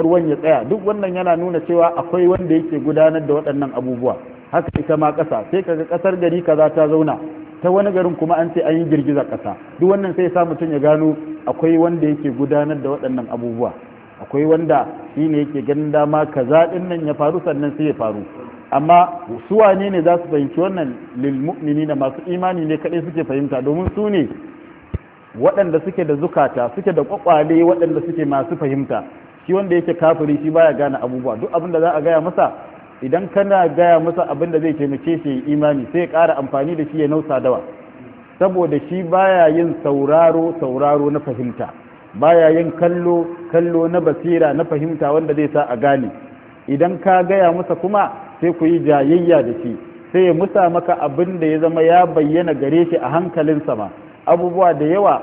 ruwan ya tsaya duk wannan yana nuna cewa akwai wanda yake gudanar da waɗannan abubuwa haka ita ma ƙasa sai kaga ƙasar gari kaza ta zauna ta wani garin kuma an ce an yi girgizar ƙasa duk wannan sai ya sa mutum ya gano akwai wanda yake gudanar da waɗannan abubuwa akwai wanda shi ne yake ganin dama kaza din nan ya faru sannan sai ya faru amma su wane ne za su fahimci wannan lilmu'mini da na masu imani ne kaɗai suke fahimta domin su ne waɗanda suke da zukata suke da kwakwale waɗanda suke masu fahimta shi wanda yake kafiri shi baya gane abubuwa duk abin da za a gaya masa idan kana gaya masa abin da zai taimake shi imani sai ya ƙara amfani da shi ya nausa dawa saboda shi baya yin sauraro sauraro na fahimta baya yin kallo kallo na basira na fahimta wanda zai sa a gane idan ka gaya masa kuma sai ku yi jayayya da shi sai ya musa maka abin da ya zama ya bayyana gare shi a hankalinsa ma abubuwa da yawa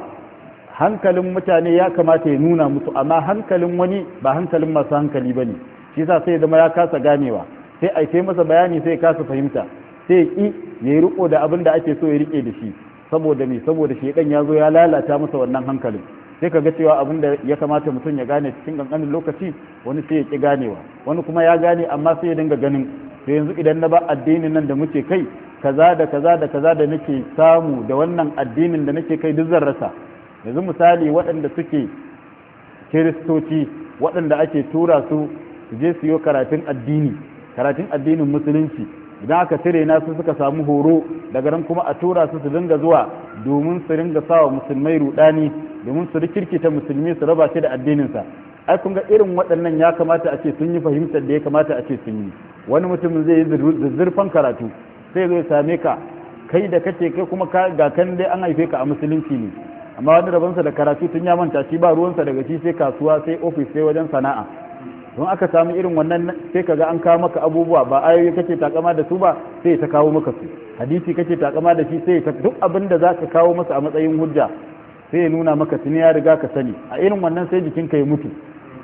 hankalin mutane ya kamata ya nuna musu amma hankalin wani ba hankalin masu hankali ba ne shi yasa sai ya zama ya kasa ganewa sai a kai masa bayani sai ya kasa fahimta sai ki ƙi ya riko da abin da ake so ya rike da shi saboda me saboda shedan ya zo ya lalata masa wannan hankalin sai ka ga cewa abin da ya kamata mutum ya gane cikin kankanin lokaci wani sai ya ki ganewa wani kuma ya gane amma sai ya dinga ganin to yanzu idan na ba addinin nan da muke kai kaza da kaza da kaza da nake samu da wannan addinin da nake kai duk zan rasa yanzu misali waɗanda suke kiristoci waɗanda ake tura su su je su yi karatun addini karatun addinin musulunci idan aka cire na su suka samu horo daga nan kuma a tura su su dinga zuwa domin su dinga sawa musulmai rudani domin su rikirkita musulmi su raba shi da addininsa ai kun ga irin waɗannan ya kamata a ce sun yi fahimtar da ya kamata a ce sun yi wani mutum zai yi zurfan karatu sai zai same ka kai da kace kai kuma ga kan dai an haife ka a musulunci ne amma wani rabansa da karatu tun ya manta shi ba ruwansa daga shi sai kasuwa sai ofis sai wajen sana'a don aka samu irin wannan sai kaga an kawo maka abubuwa ba ayoyi kake takama da su ba sai ta kawo maka su hadisi kake takama da shi sai duk abin da zaka kawo masa a matsayin hujja sai ya nuna maka tuni ya riga ka sani a irin wannan sai jikinka ya mutu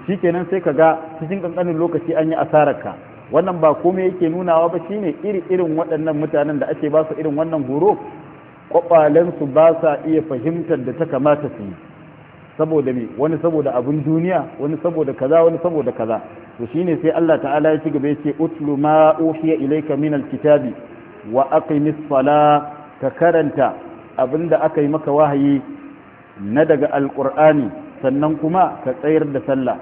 shikenan sai ka ga cikin kankanin lokaci an yi asararka wannan ba komai yake nunawa ba shine iri irin waɗannan mutanen da ake ba su irin wannan horo kwabalensu ba sa iya fahimtar da ta kamata su yi saboda me wani saboda abin duniya wani saboda kaza wani saboda kaza to shine sai Allah ta'ala ya ci gaba ya ce utlu ma uhiya ilayka min alkitabi wa aqimis sala ka karanta abinda aka yi maka wahayi na daga alƙur'ani sannan kuma ka tsayar da sallah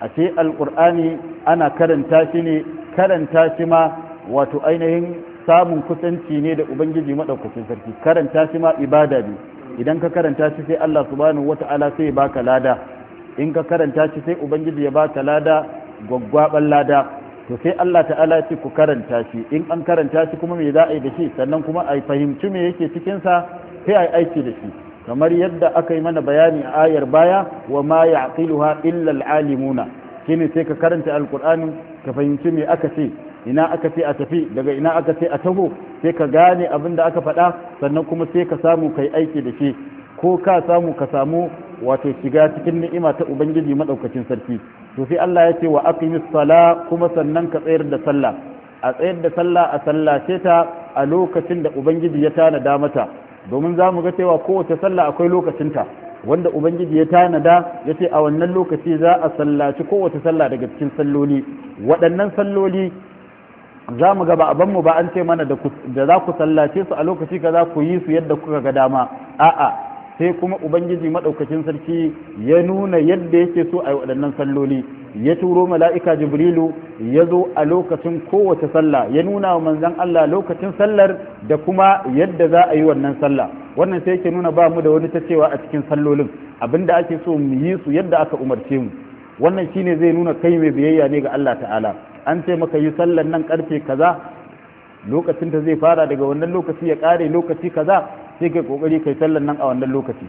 a ce alƙur'ani ana karanta shi ne karanta shi ma wato ainihin samun kusanci ne da ubangiji maɗaukakin sarki karanta shi ma ibada ne idan ka karanta shi sai allah subhanahu wata'ala sai baka lada in ka karanta shi sai ubangiji ya baka lada gwaggwaban lada to sai allah ta'ala ce ku karanta shi in an karanta shi kuma me za a yi da shi sannan kuma a fahimci me yake cikinsa sai a yi aiki da shi kamar yadda aka yi mana bayani a ayar baya wa ma ya'qiluha illa al-alimuna shine sai ka karanta alqur'ani ka fahimci me aka ce ina aka ce a tafi daga ina aka ce a taho sai ka gane abin da aka faɗa sannan kuma sai ka samu kai aiki da shi ko ka samu ka samu wato shiga cikin ni'ima ta ubangiji madaukakin sarki to sai Allah ya ce wa aqimis sala kuma sannan ka tsayar da sallah a tsayar da sallah a sallace ta a lokacin da ubangiji ya tana mata domin za mu ga cewa kowace sallah akwai lokacinta wanda ubangiji ya tanada ya ce a wannan lokaci za a sallaci kowace sallah daga cikin salloli waɗannan salloli za mu ga ba mu ba an ce mana da za ku sallace su a lokaci kaza ku yi su yadda kuka ga dama a'a sai kuma ubangiji madaukakin sarki ya nuna yadda yake so a yi waɗannan salloli ya turo mala'ika jibrilu ya zo a lokacin kowace sallah ya nuna wa manzan Allah lokacin sallar da kuma yadda za a yi wannan sallah wannan sai yake nuna ba mu da wani ta cewa a cikin sallolin abinda ake so mu yi su yadda aka umarce mu wannan shine zai nuna kai mai biyayya ne ga Allah ta'ala an ce maka yi sallar nan karfe kaza lokacin ta zai fara daga wannan lokaci ya kare lokaci kaza sai kai kokari kai sallan nan a wannan lokaci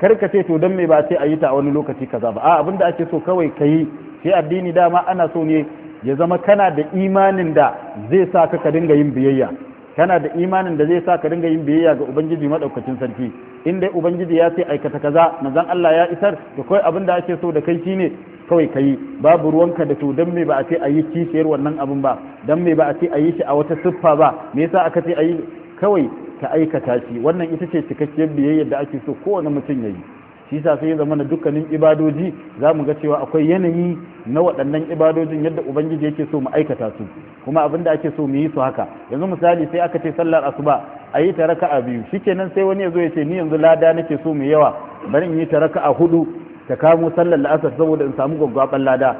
kar ka ce to dan me ba sai a yi ta a wani lokaci kaza ba a abinda ake so kawai kai sai addini dama ana so ne ya zama kana da imanin da zai sa ka ka dinga yin biyayya kana da imanin da zai sa ka dinga yin biyayya ga ubangiji madaukakin sarki in dai ubangiji ya ce aikata kaza manzon Allah ya isar to kawai abin da ake so da kai shine kawai kai babu ruwanka da to dan me ba a ce a yi kishiyar wannan abin ba dan me ba a ce a yi shi a wata siffa ba me yasa aka ce a yi kawai ta aikata shi wannan ita ce cikakkiyar biyayyar da ake so kowane mutum ya yi shi sa sai ya zama na dukkanin ibadoji za mu ga cewa akwai yanayi na waɗannan ibadojin yadda ubangiji yake so mu aikata su kuma abin da ake so mu yi su haka yanzu misali sai aka ce sallar asuba a yi ta raka'a biyu shikenan sai wani ya zo ya ce ni yanzu lada nake so mu yawa bari in yi ta a hudu ta kamo sallar la'asar saboda in samu gwaggwaban lada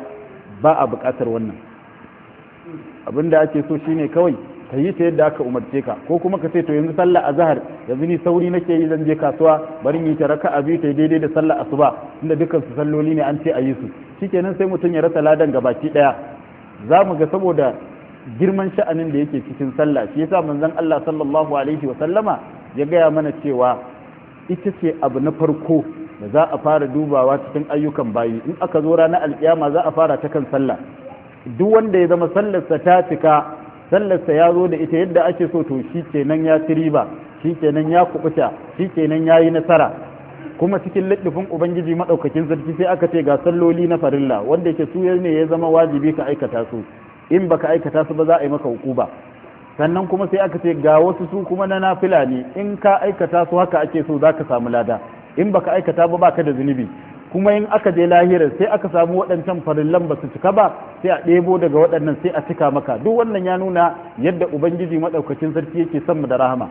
ba a buƙatar wannan abin da ake so shine kawai ka yi ta yadda aka umarce ka ko kuma ka ce to yanzu sallah azhar yanzu ni sauri nake yi zan je kasuwa bari mu yi ta raka'a biyu ta daidai da sallah asuba inda dukkan su salloli ne an ce a yi su shikenan sai mutum ya rasa ladan baki daya zamu ga saboda girman sha'anin da yake cikin sallah shi yasa manzon Allah sallallahu alaihi wa sallama ya gaya mana cewa ita ce abu na farko da za a fara dubawa cikin ayyukan bayi in aka zo ranar alkiyama za a fara ta kan sallah duk wanda ya zama sallarsa ta cika sallarsa ya zo da ita yadda ake so to shi kenan ya ci riba shi kenan ya kubuta shi kenan ya yi nasara kuma cikin littafin ubangiji maɗaukakin sarki sai aka ce ga salloli na farilla wanda yake su ne ya zama wajibi ka aikata su in baka aikata su ba za a yi maka hukuba sannan kuma sai aka ce ga wasu su kuma na nafila ne in ka aikata su haka ake so za ka samu lada in baka aikata ba baka da zunubi kuma in aka je lahira sai aka samu waɗancan farin ba su cika ba sai a ɗebo daga waɗannan sai a cika maka duk wannan ya nuna yadda ubangiji maɗaukacin sarki yake son mu da rahama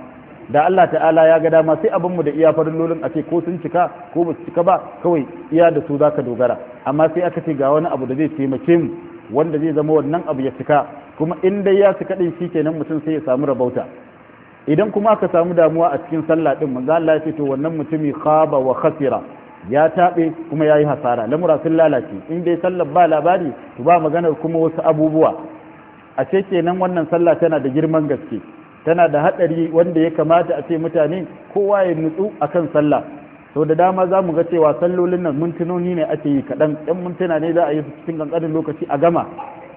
da Allah ta'ala ya ga dama sai abin mu da iya farin lolin a ce ko sun cika ko ba su cika ba kawai iya da su zaka dogara amma sai aka ce ga wani abu da zai taimake mu wanda zai zama wannan abu ya cika kuma in dai ya cika din shikenan mutum sai ya samu rabauta idan kuma aka samu damuwa a cikin sallah din manzo Allah ya ce to wannan mutumi khaba wa khasira ya taɓe kuma ya yi hasara lamura sun lalace in dai sallar ba labari to ba maganar kuma wasu abubuwa a ce kenan wannan sallah tana da girman gaske tana da haɗari wanda ya kamata a ce mutane kowa ya nutsu akan sallah sau da dama za mu ga cewa sallolin nan mintunoni ne ake yi kaɗan 'yan mintuna ne za a yi su cikin ƙanƙanin lokaci a gama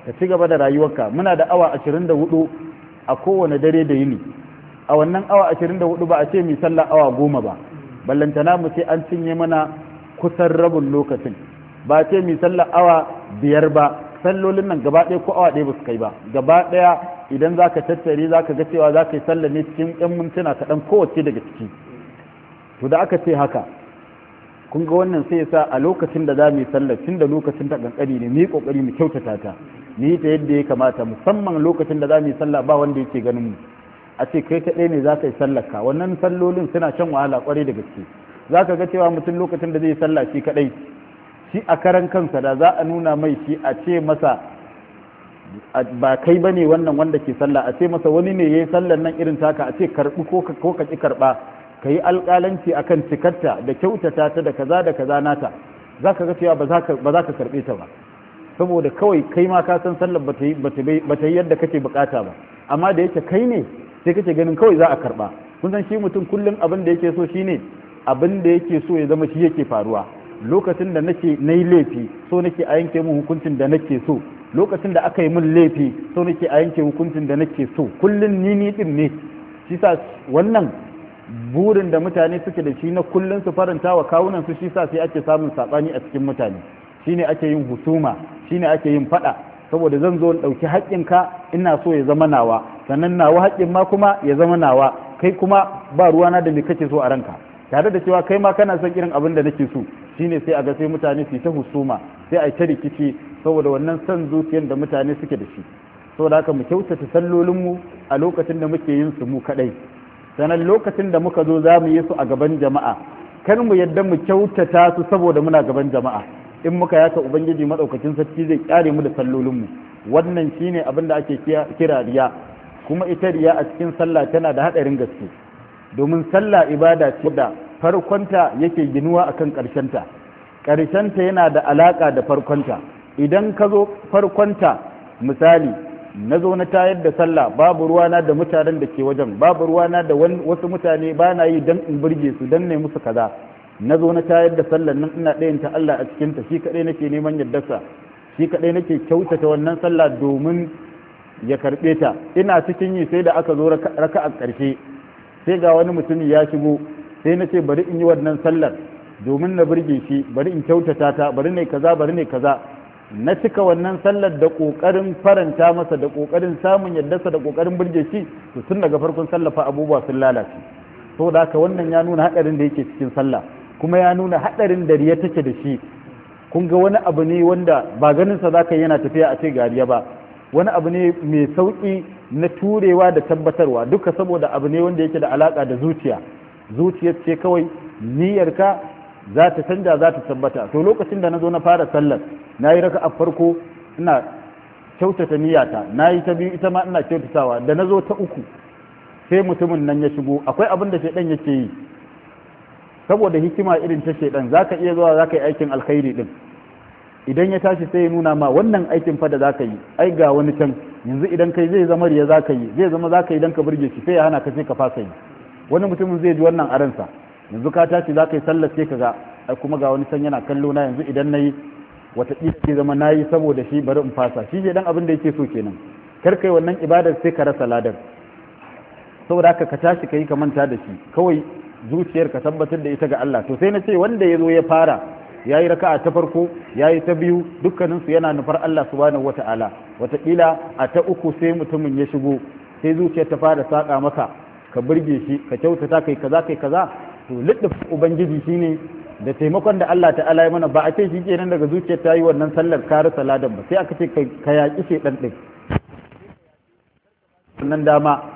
ka ci gaba da rayuwarka muna da awa ashirin da hudu a kowane dare da yini a wannan awa ashirin da hudu ba a ce mai sallah awa goma ba ballantana mu ce an cinye mana kusan rabin lokacin ba ce mi sallar awa biyar ba sallolin nan gaba ɗaya ko awa ɗaya ba su kai ba gaba ɗaya idan za ka tattare za ka ga cewa za ka yi sallar ne cikin yan mintuna kaɗan kowace daga ciki to da aka ce haka kun ga wannan sai ya sa a lokacin da za mu yi sallar tun da lokacin ta kankani ne mu yi ƙoƙari mu kyautata ta mu ta yadda ya kamata musamman lokacin da za mu yi sallah ba wanda yake ganin mu a ce kai kaɗai ne za ka yi ka wannan sallolin suna shan wahala kwarai da gaske za ka ga cewa mutum lokacin da zai yi sallah shi kaɗai shi a karan kansa da za a nuna mai shi a ce masa ba kai ba ne wannan wanda ke sallah a ce masa wani ne ya yi sallar nan irin taka a ce karɓi ko ka ƙi karɓa ka yi alƙalanci a kan cikarta da kyautata ta da kaza da kaza nata za ka ga cewa ba za ka karɓe ta ba saboda kawai kai ma ka san sallar ba ta yi yadda kake bukata ba amma da yake kai ne sai kake ganin kawai za a karba kun san shi mutum kullum abin da yake so shine abin da yake so ya zama shi yake faruwa lokacin da nake na laifi so nake a yanke mun hukuncin da nake so lokacin da aka yi mun laifi so nake a yanke hukuncin da nake so kullum ni ni din ne shi sa wannan burin da mutane suke da shi na kullum su faranta wa kawunan su shi sa sai ake samun sabani a cikin mutane shine ake yin husuma shine ake yin fada saboda zan zo in ɗauki haƙƙinka ina so ya zama nawa sannan nawa haƙƙin ma kuma ya zama nawa kai kuma ba ruwana da me kake so a ranka tare da cewa kai ma kana son irin abin da nake so shine sai a ga sai mutane su ta husuma sai a ta rikici saboda wannan son zuciyar da mutane suke da shi saboda haka mu kyautata sallolinmu a lokacin da muke yin su mu kaɗai sannan lokacin da muka zo za mu yi su a gaban jama'a kar mu yadda mu kyautata su saboda muna gaban jama'a in muka yaka ubangiji madaukakin sarki zai kyare mu da sallolinmu wannan shine abin da ake kira riya kuma ita riya a cikin sallah tana da hadarin gaske domin sallah ibada ce da farkonta yake ginuwa akan karshenta karshenta yana da alaka da farkonta idan ka zo farkonta misali na zo na tayar da sallah babu ruwana da mutanen da ke wajen babu ruwana da wasu mutane ba na yi don in burge su don ne musu kaza na zo na tayar da sallar nan ina ɗayan ta Allah a cikinta shi kaɗai nake neman yardarsa shi kaɗai nake kyautata wannan sallah domin ya karɓe ta ina cikin yi sai da aka zo raka a ƙarshe sai ga wani mutum ya shigo sai nace bari in yi wannan sallar domin na burge shi bari in kyautata ta bari ne kaza bari ne kaza na cika wannan sallar da ƙoƙarin faranta masa da ƙoƙarin samun yardarsa da ƙoƙarin burge shi to tun daga farkon sallafa abubuwa sun lalace saboda haka wannan ya nuna haɗarin da yake cikin sallah kuma ya nuna hadarin da riya take da shi kun ga wani abu ne wanda ba ganin sa zaka yana tafiya a ce gariya ba wani abu ne mai sauki na turewa da tabbatarwa duka saboda abu ne wanda yake da alaka da zuciya zuciyar ce kawai niyyarka za ta canja za ta tabbata to lokacin da na zo na fara sallar na yi raka a farko ina kyautata niyyata na yi ta biyu ita ma ina kyautatawa da na zo ta uku sai mutumin nan ya shigo akwai abin da shaidan yake yi saboda hikima irin ta za zaka iya zuwa zaka yi aikin alkhairi din idan ya tashi sai ya nuna ma wannan aikin fa da zaka yi ai ga wani can yanzu idan kai zai zama riya zaka yi zai zama zaka yi dan ka burge shi sai ya hana ka sai ka fasa yi wani mutumin zai ji wannan a ransa yanzu ka tashi zaka yi sallar sai ka ga ai kuma ga wani can yana kallo na yanzu idan nayi wata ke zama nayi saboda shi bari in fasa shi dan abin da yake so kenan kar kai wannan ibadar sai ka rasa ladar saboda haka ka tashi ka yi ka manta da shi kawai zuciyar ka tabbatar da ita ga Allah to sai na ce wanda ya zo ya fara ya yi raka'a ta farko ya yi ta biyu dukkaninsu yana nufar Allah subhanahu wata'ala wataƙila a ta uku sai mutumin ya shigo sai zuciyar ta fara saƙa maka ka burge shi ka kyautata kai kaza kai kaza to liɗif ubangiji shine da taimakon da Allah ta'ala ya mana ba a ce shi kenan daga zuciyar ta yi wannan sallar kare saladan ba sai aka ce ka yaƙi shedan ɗin wannan dama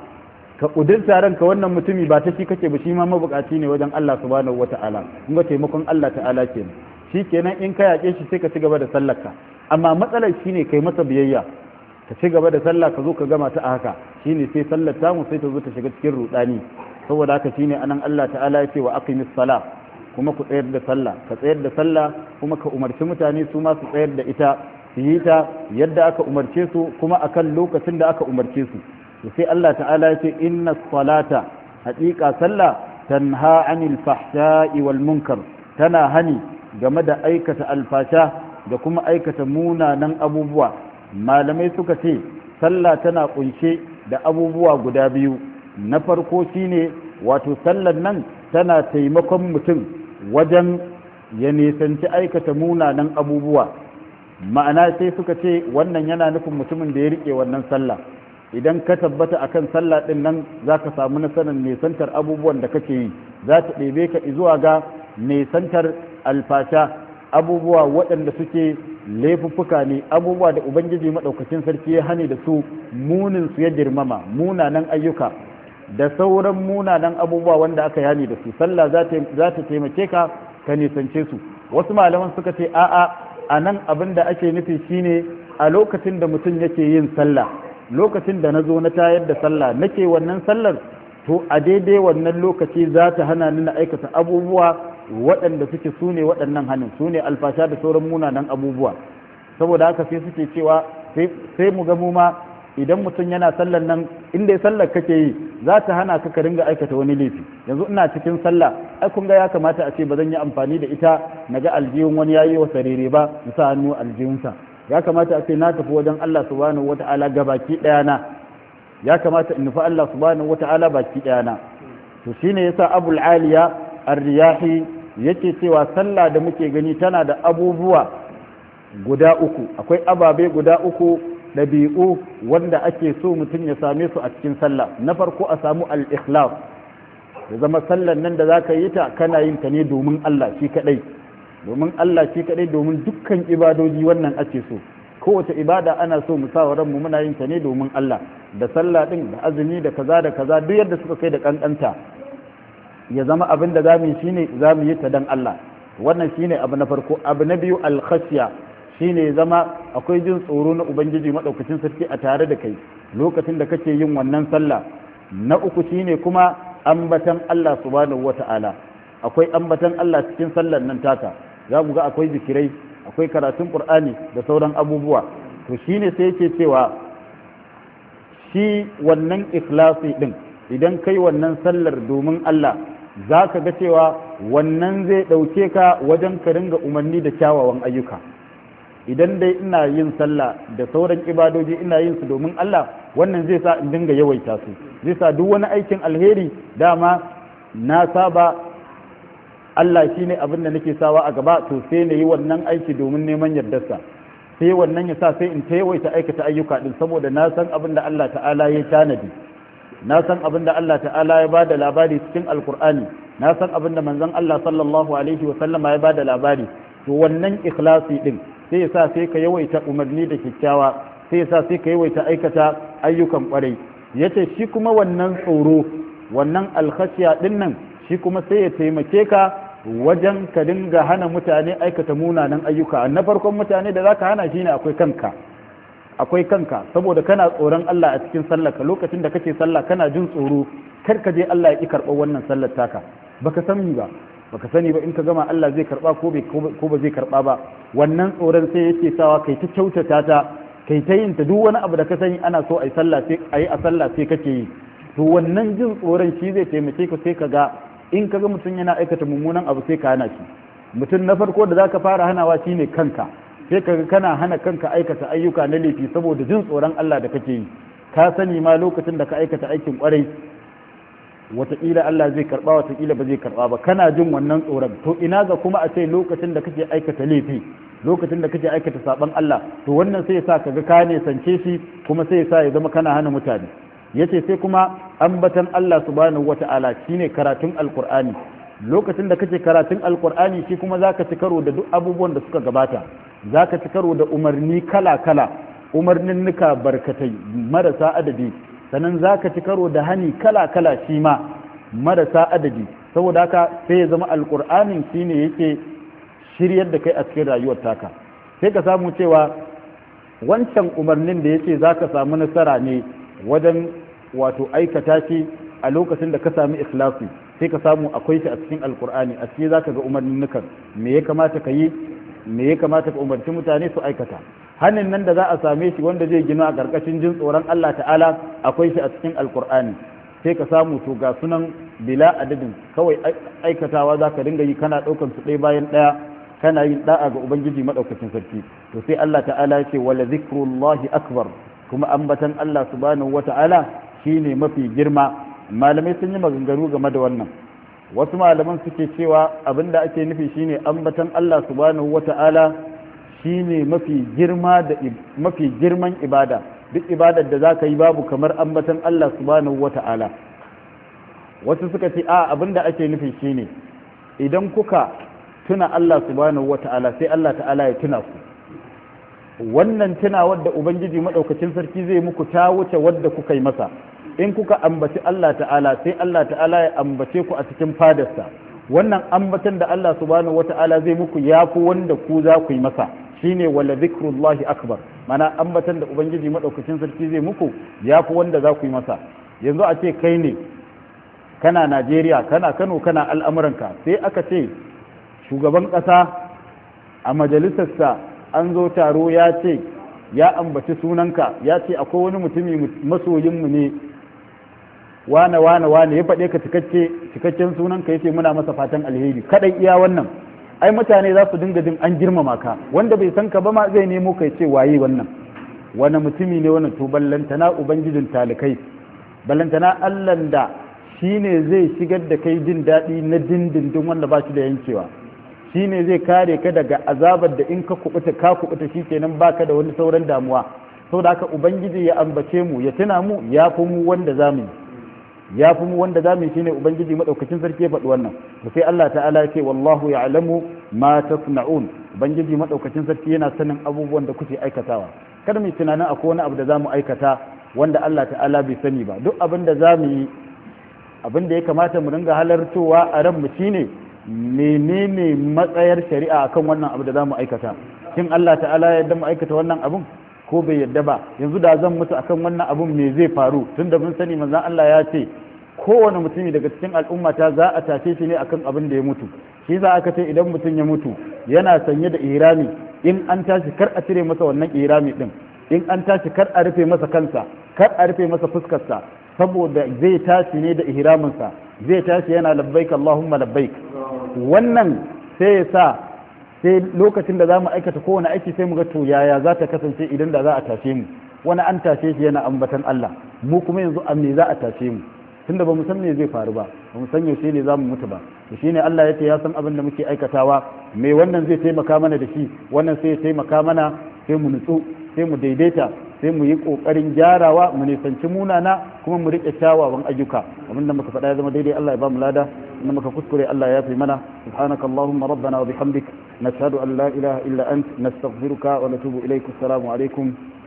ka tsaron ka wannan mutumi ba ta shi kake ba shi ma mabukaci ne wajen Allah subhanahu wata'ala in ga taimakon Allah ta'ala kenan shi kenan in ka yaƙe shi sai ka ci gaba da sallaka amma matsalar shi ne kai masa biyayya ka ci gaba da sallah ka zo ka gama ta a haka shi ne sai sallar tamu sai ta zo ta shiga cikin rudani saboda haka shine anan Allah ta'ala ya ce wa aqimis sala kuma ku tsayar da sallah ka tsayar da sallah kuma ka umarci mutane su ma su tsayar da ita su yi ta yadda aka umarce su kuma akan lokacin da aka umarce su sai Allah ta'ala ce inna salata haƙiƙa sallah tanha anil fahsha'i wal munkar tana hani game da aikata alfasha da kuma aikata munanan abubuwa malamai suka ce sallah tana kunshe da abubuwa guda biyu na farko shine wato sallar nan tana taimakon mutum wajen ya nisanci aikata munanan abubuwa ma'ana sai suka ce wannan yana nufin mutumin da ya rike wannan sallah idan ka tabbata a kan sallah ɗin nan za ka samu nasarar nesantar abubuwan da kake yi za ta ɗebe ka zuwa ga nesantar alfasha abubuwa waɗanda suke laifuffuka ne abubuwa da ubangiji maɗaukacin sarki ya hane da su munin su ya girmama munanan ayyuka da sauran munanan abubuwa wanda aka yani da su sallah za ta taimake ka ka nisance su wasu malaman suka ce a'a a nan abin da ake nufi shine a lokacin da mutum yake yin sallah lokacin da na zo na tayar da sallah nake wannan sallar to a daidai wannan lokaci za ta hana ni na aikata abubuwa waɗanda suke su ne waɗannan hannun su ne alfasha da sauran munanan abubuwa saboda haka sai suke cewa sai mu ga mu ma idan mutum yana sallar nan inda ya sallar kake yi za ta hana ka ka ringa aikata wani laifi yanzu ina cikin sallah ai kun ga ya kamata a ce ba zan yi amfani da ita na ga aljihun wani yayi wa sarere ba in sa hannu aljihunsa ya kamata a ce na tafi wajen Allah subhanahu wata'ala ga baki ɗaya na ya kamata in nufi Allah subhanahu wata'ala baki ɗaya na to shine yasa Abul Aliya Ar-Riyahi yake cewa sallah da muke gani tana da abubuwa guda uku akwai ababe guda uku ɗabi'u wanda ake so mutum ya same su a cikin sallah na farko a samu al-ikhlas ya zama sallan nan da zaka yi ta kana yin ta ne domin Allah shi kadai domin Allah ce kaɗai domin dukkan ibadoji wannan ake so kowace ibada ana so mu sa mu muna yin ta ne domin Allah da sallah din da azumi da kaza da kaza duk yadda suka kai da kankanta ya zama abin da zamu yi ne zamu yi ta dan Allah wannan shine abu na farko abu na biyu al-khashya shine zama akwai jin tsoro na ubangiji madaukakin sarki a tare da kai lokacin da kake yin wannan sallah na uku shine kuma ambatan Allah subhanahu wata'ala akwai ambatan Allah cikin sallar nan taka za ku ga akwai zikirai akwai karatun qur'ani da sauran abubuwa to shine sai yake cewa shi wannan ikhlasi din idan kai wannan sallar domin Allah za ka ga cewa wannan zai ɗauke ka wajen ka ringa umarni da kyawawan ayyuka idan dai ina yin sallah da sauran ibadoji ina yin su domin Allah wannan zai sa in dinga yawaita su zai sa duk wani aikin alheri dama na saba Allah shi ne abin da nake sawa a gaba to sai na yi wannan aiki domin neman yardarsa sai wannan ya sa sai in taiwaita aikata ayyuka din saboda na san abin da Allah ta'ala ya tanadi na san abin da Allah ta'ala ya ba da labari cikin alkur'ani na san abin da manzon Allah sallallahu alaihi wa sallama ya labari to wannan ikhlasi din sai ya sa sai ka yawaita umarni da kyakkyawa sai ya sa sai ka yawaita aikata ayyukan kwarai yace shi kuma wannan tsoro wannan alkhashiya din nan shi kuma sai ya taimake ka wajen ka dinga hana mutane aikata munanan ayyuka na farkon mutane da za ka hana shine akwai kanka akwai kanka saboda kana tsoron Allah a cikin ka. lokacin da kake sallah kana jin tsoro kar ka je Allah ya ki karɓar wannan sallar taka baka sani ba baka sani ba in ka gama Allah zai karɓa ko bai ko ba zai karɓa ba wannan tsoron sai yake sawa kai ta kyautata ta kai ta yin ta duk wani abu da ka sani ana so ai sallah sai ayi a sallah sai kake yi to wannan jin tsoron shi zai taimake ka sai ka ga in ka ga mutum yana aikata mummunan abu sai ka hana shi mutum na farko da za ka fara hanawa ne kanka sai ka ga kana hana kanka aikata ayyuka na laifi saboda jin tsoron Allah da kake yi ka sani ma lokacin da ka aikata aikin kwarai wataƙila Allah zai karɓa wataƙila ba zai karɓa ba kana jin wannan tsoron to ina ga kuma a ce lokacin da kake aikata laifi lokacin da kake aikata saban Allah to wannan sai ya sa ga ka ne sance shi kuma sai ya sa ya zama kana hana mutane Ya ce sai kuma ambatan Allah subhanahu wata'ala shine karatun alqur'ani lokacin da kake karatun alqur'ani shi kuma zaka ci karo da duk abubuwan da suka gabata zaka ci karo da umarni kala kala umarnin nuka barkatai marasa adadi sannan zaka ci karo da hani kala kala shi ma marasa adadi saboda haka sai ya zama alqur'anin shine yake shiryar da kai a cikin rayuwar taka sai ka samu cewa wancan umarnin da yake zaka samu nasara ne wajen wato aikata shi a lokacin da ka sami ikhlasi sai ka samu akwai shi a cikin alkur'ani a cikin zaka ga umarninnukan me ya kamata ka yi me ya kamata ka umarci mutane su aikata hannun nan da za a same shi wanda zai gina a karkashin jin tsoron Allah ta'ala akwai shi a cikin alkur'ani sai ka samu to ga sunan bila adadin kawai aikatawa za ka dinga yi kana ɗaukan su ɗaya bayan ɗaya kana yin da'a ga ubangiji maɗaukacin sarki to sai Allah ta'ala ya ce wala zikrullahi akbar kuma ambatan Allah subhanahu wata'ala shine mafi girma malamai sun yi maganganu game da wannan wasu malaman suke cewa abinda ake nufi shine ambatan Allah subhanahu wata'ala shine mafi girma mafi girman ibada duk ibada da zaka yi babu kamar ambatan Allah subhanahu wata'ala wasu suka ce a abinda ake nufi shine idan kuka tuna Allah subhanahu wata'ala sai Allah ta'ala ya tuna ku wannan tana wadda ubangiji maɗaukacin sarki zai muku ta wuce wadda kuka yi masa in kuka ambaci Allah ta'ala sai Allah ta'ala ya ambace ku a cikin fadarsa wannan ambatan da Allah subhanahu wata'ala zai muku ya fi wanda ku za ku yi masa shine wala zikrullahi akbar mana ambatan da ubangiji maɗaukacin sarki zai muku ya yafi wanda za ku yi masa yanzu a ce kai ne kana Najeriya kana Kano kana al'amuranka sai aka ce shugaban ƙasa a majalisarsa an zo taro ya ce ya ambaci sunanka ya ce akwai wani mutumi masoyinmu ne wane wane wane ya faɗe ka cikakken sunanka ya ce muna masa fatan alheri kaɗai iya wannan ai mutane za su dinga jin an girmama ka wanda bai san ka ba ma zai nemo kai ce waye wannan wani mutumi ne wani to ballantana ubangijin talikai ballantana allan da shine zai shigar da kai jin daɗi na dindindin wanda ba shi da yankewa shi ne zai kare ka daga azabar da in ka kubuta ka kubuta shi kenan baka da wani sauran damuwa saboda haka ubangiji ya ambace mu ya tuna mu ya fi mu wanda za yi ya fi mu wanda za mu shi shine ubangiji madaukakin sarki ya faɗi wannan to sai Allah ta'ala ya ce wallahu ya'lamu ma tasna'un ubangiji madaukakin sarki yana sanin abubuwan da kuke aikatawa kar mu tunanin akwai wani abu da za mu aikata wanda Allah ta'ala bai sani ba duk abin da mu yi abin da ya kamata mu ringa halartowa a ran mu shine menene matsayar shari'a akan wannan abu da za mu aikata shin Allah ta'ala ya yarda mu aikata wannan abun ko bai yarda ba yanzu da zan mutu akan wannan abun me zai faru tunda mun sani manzon Allah ya ce kowane mutumi daga cikin al'umma ta za a tashe shi ne akan abin da ya mutu shi za aka ce idan mutum ya mutu yana sanye da irami in an tashi kar a cire masa wannan irami din in an tashi kar a rufe masa kansa kar a rufe masa fuskarsa saboda zai tashi ne da ihraminsa zai tashi yana labbaik Allahumma labbaik wannan sai ya sa sai lokacin da za mu aikata kowane aiki sai mu ga to yaya za ta kasance idan da za a tashe mu wani an tashe shi yana ambatan Allah mu kuma yanzu a me za a tashe mu tunda ba mu san me zai faru ba ba mu san yaushe ne za mu mutu ba to shine Allah ya ce ya san abin da muke aikatawa me wannan zai taimaka mana da shi wannan sai ya taimaka mana sai mu nutsu sai mu daidaita sai mu yi ƙoƙarin gyarawa mu nisanci munana kuma mu riƙe kyawawan ayyuka abin da muka faɗa ya zama daidai Allah ya ba mu lada inda muka kuskure Allah ya fi mana subhanaka allahumma rabbana wa bihamdik nashhadu an la ilaha illa ant nastaghfiruka wa natubu ilayk assalamu alaikum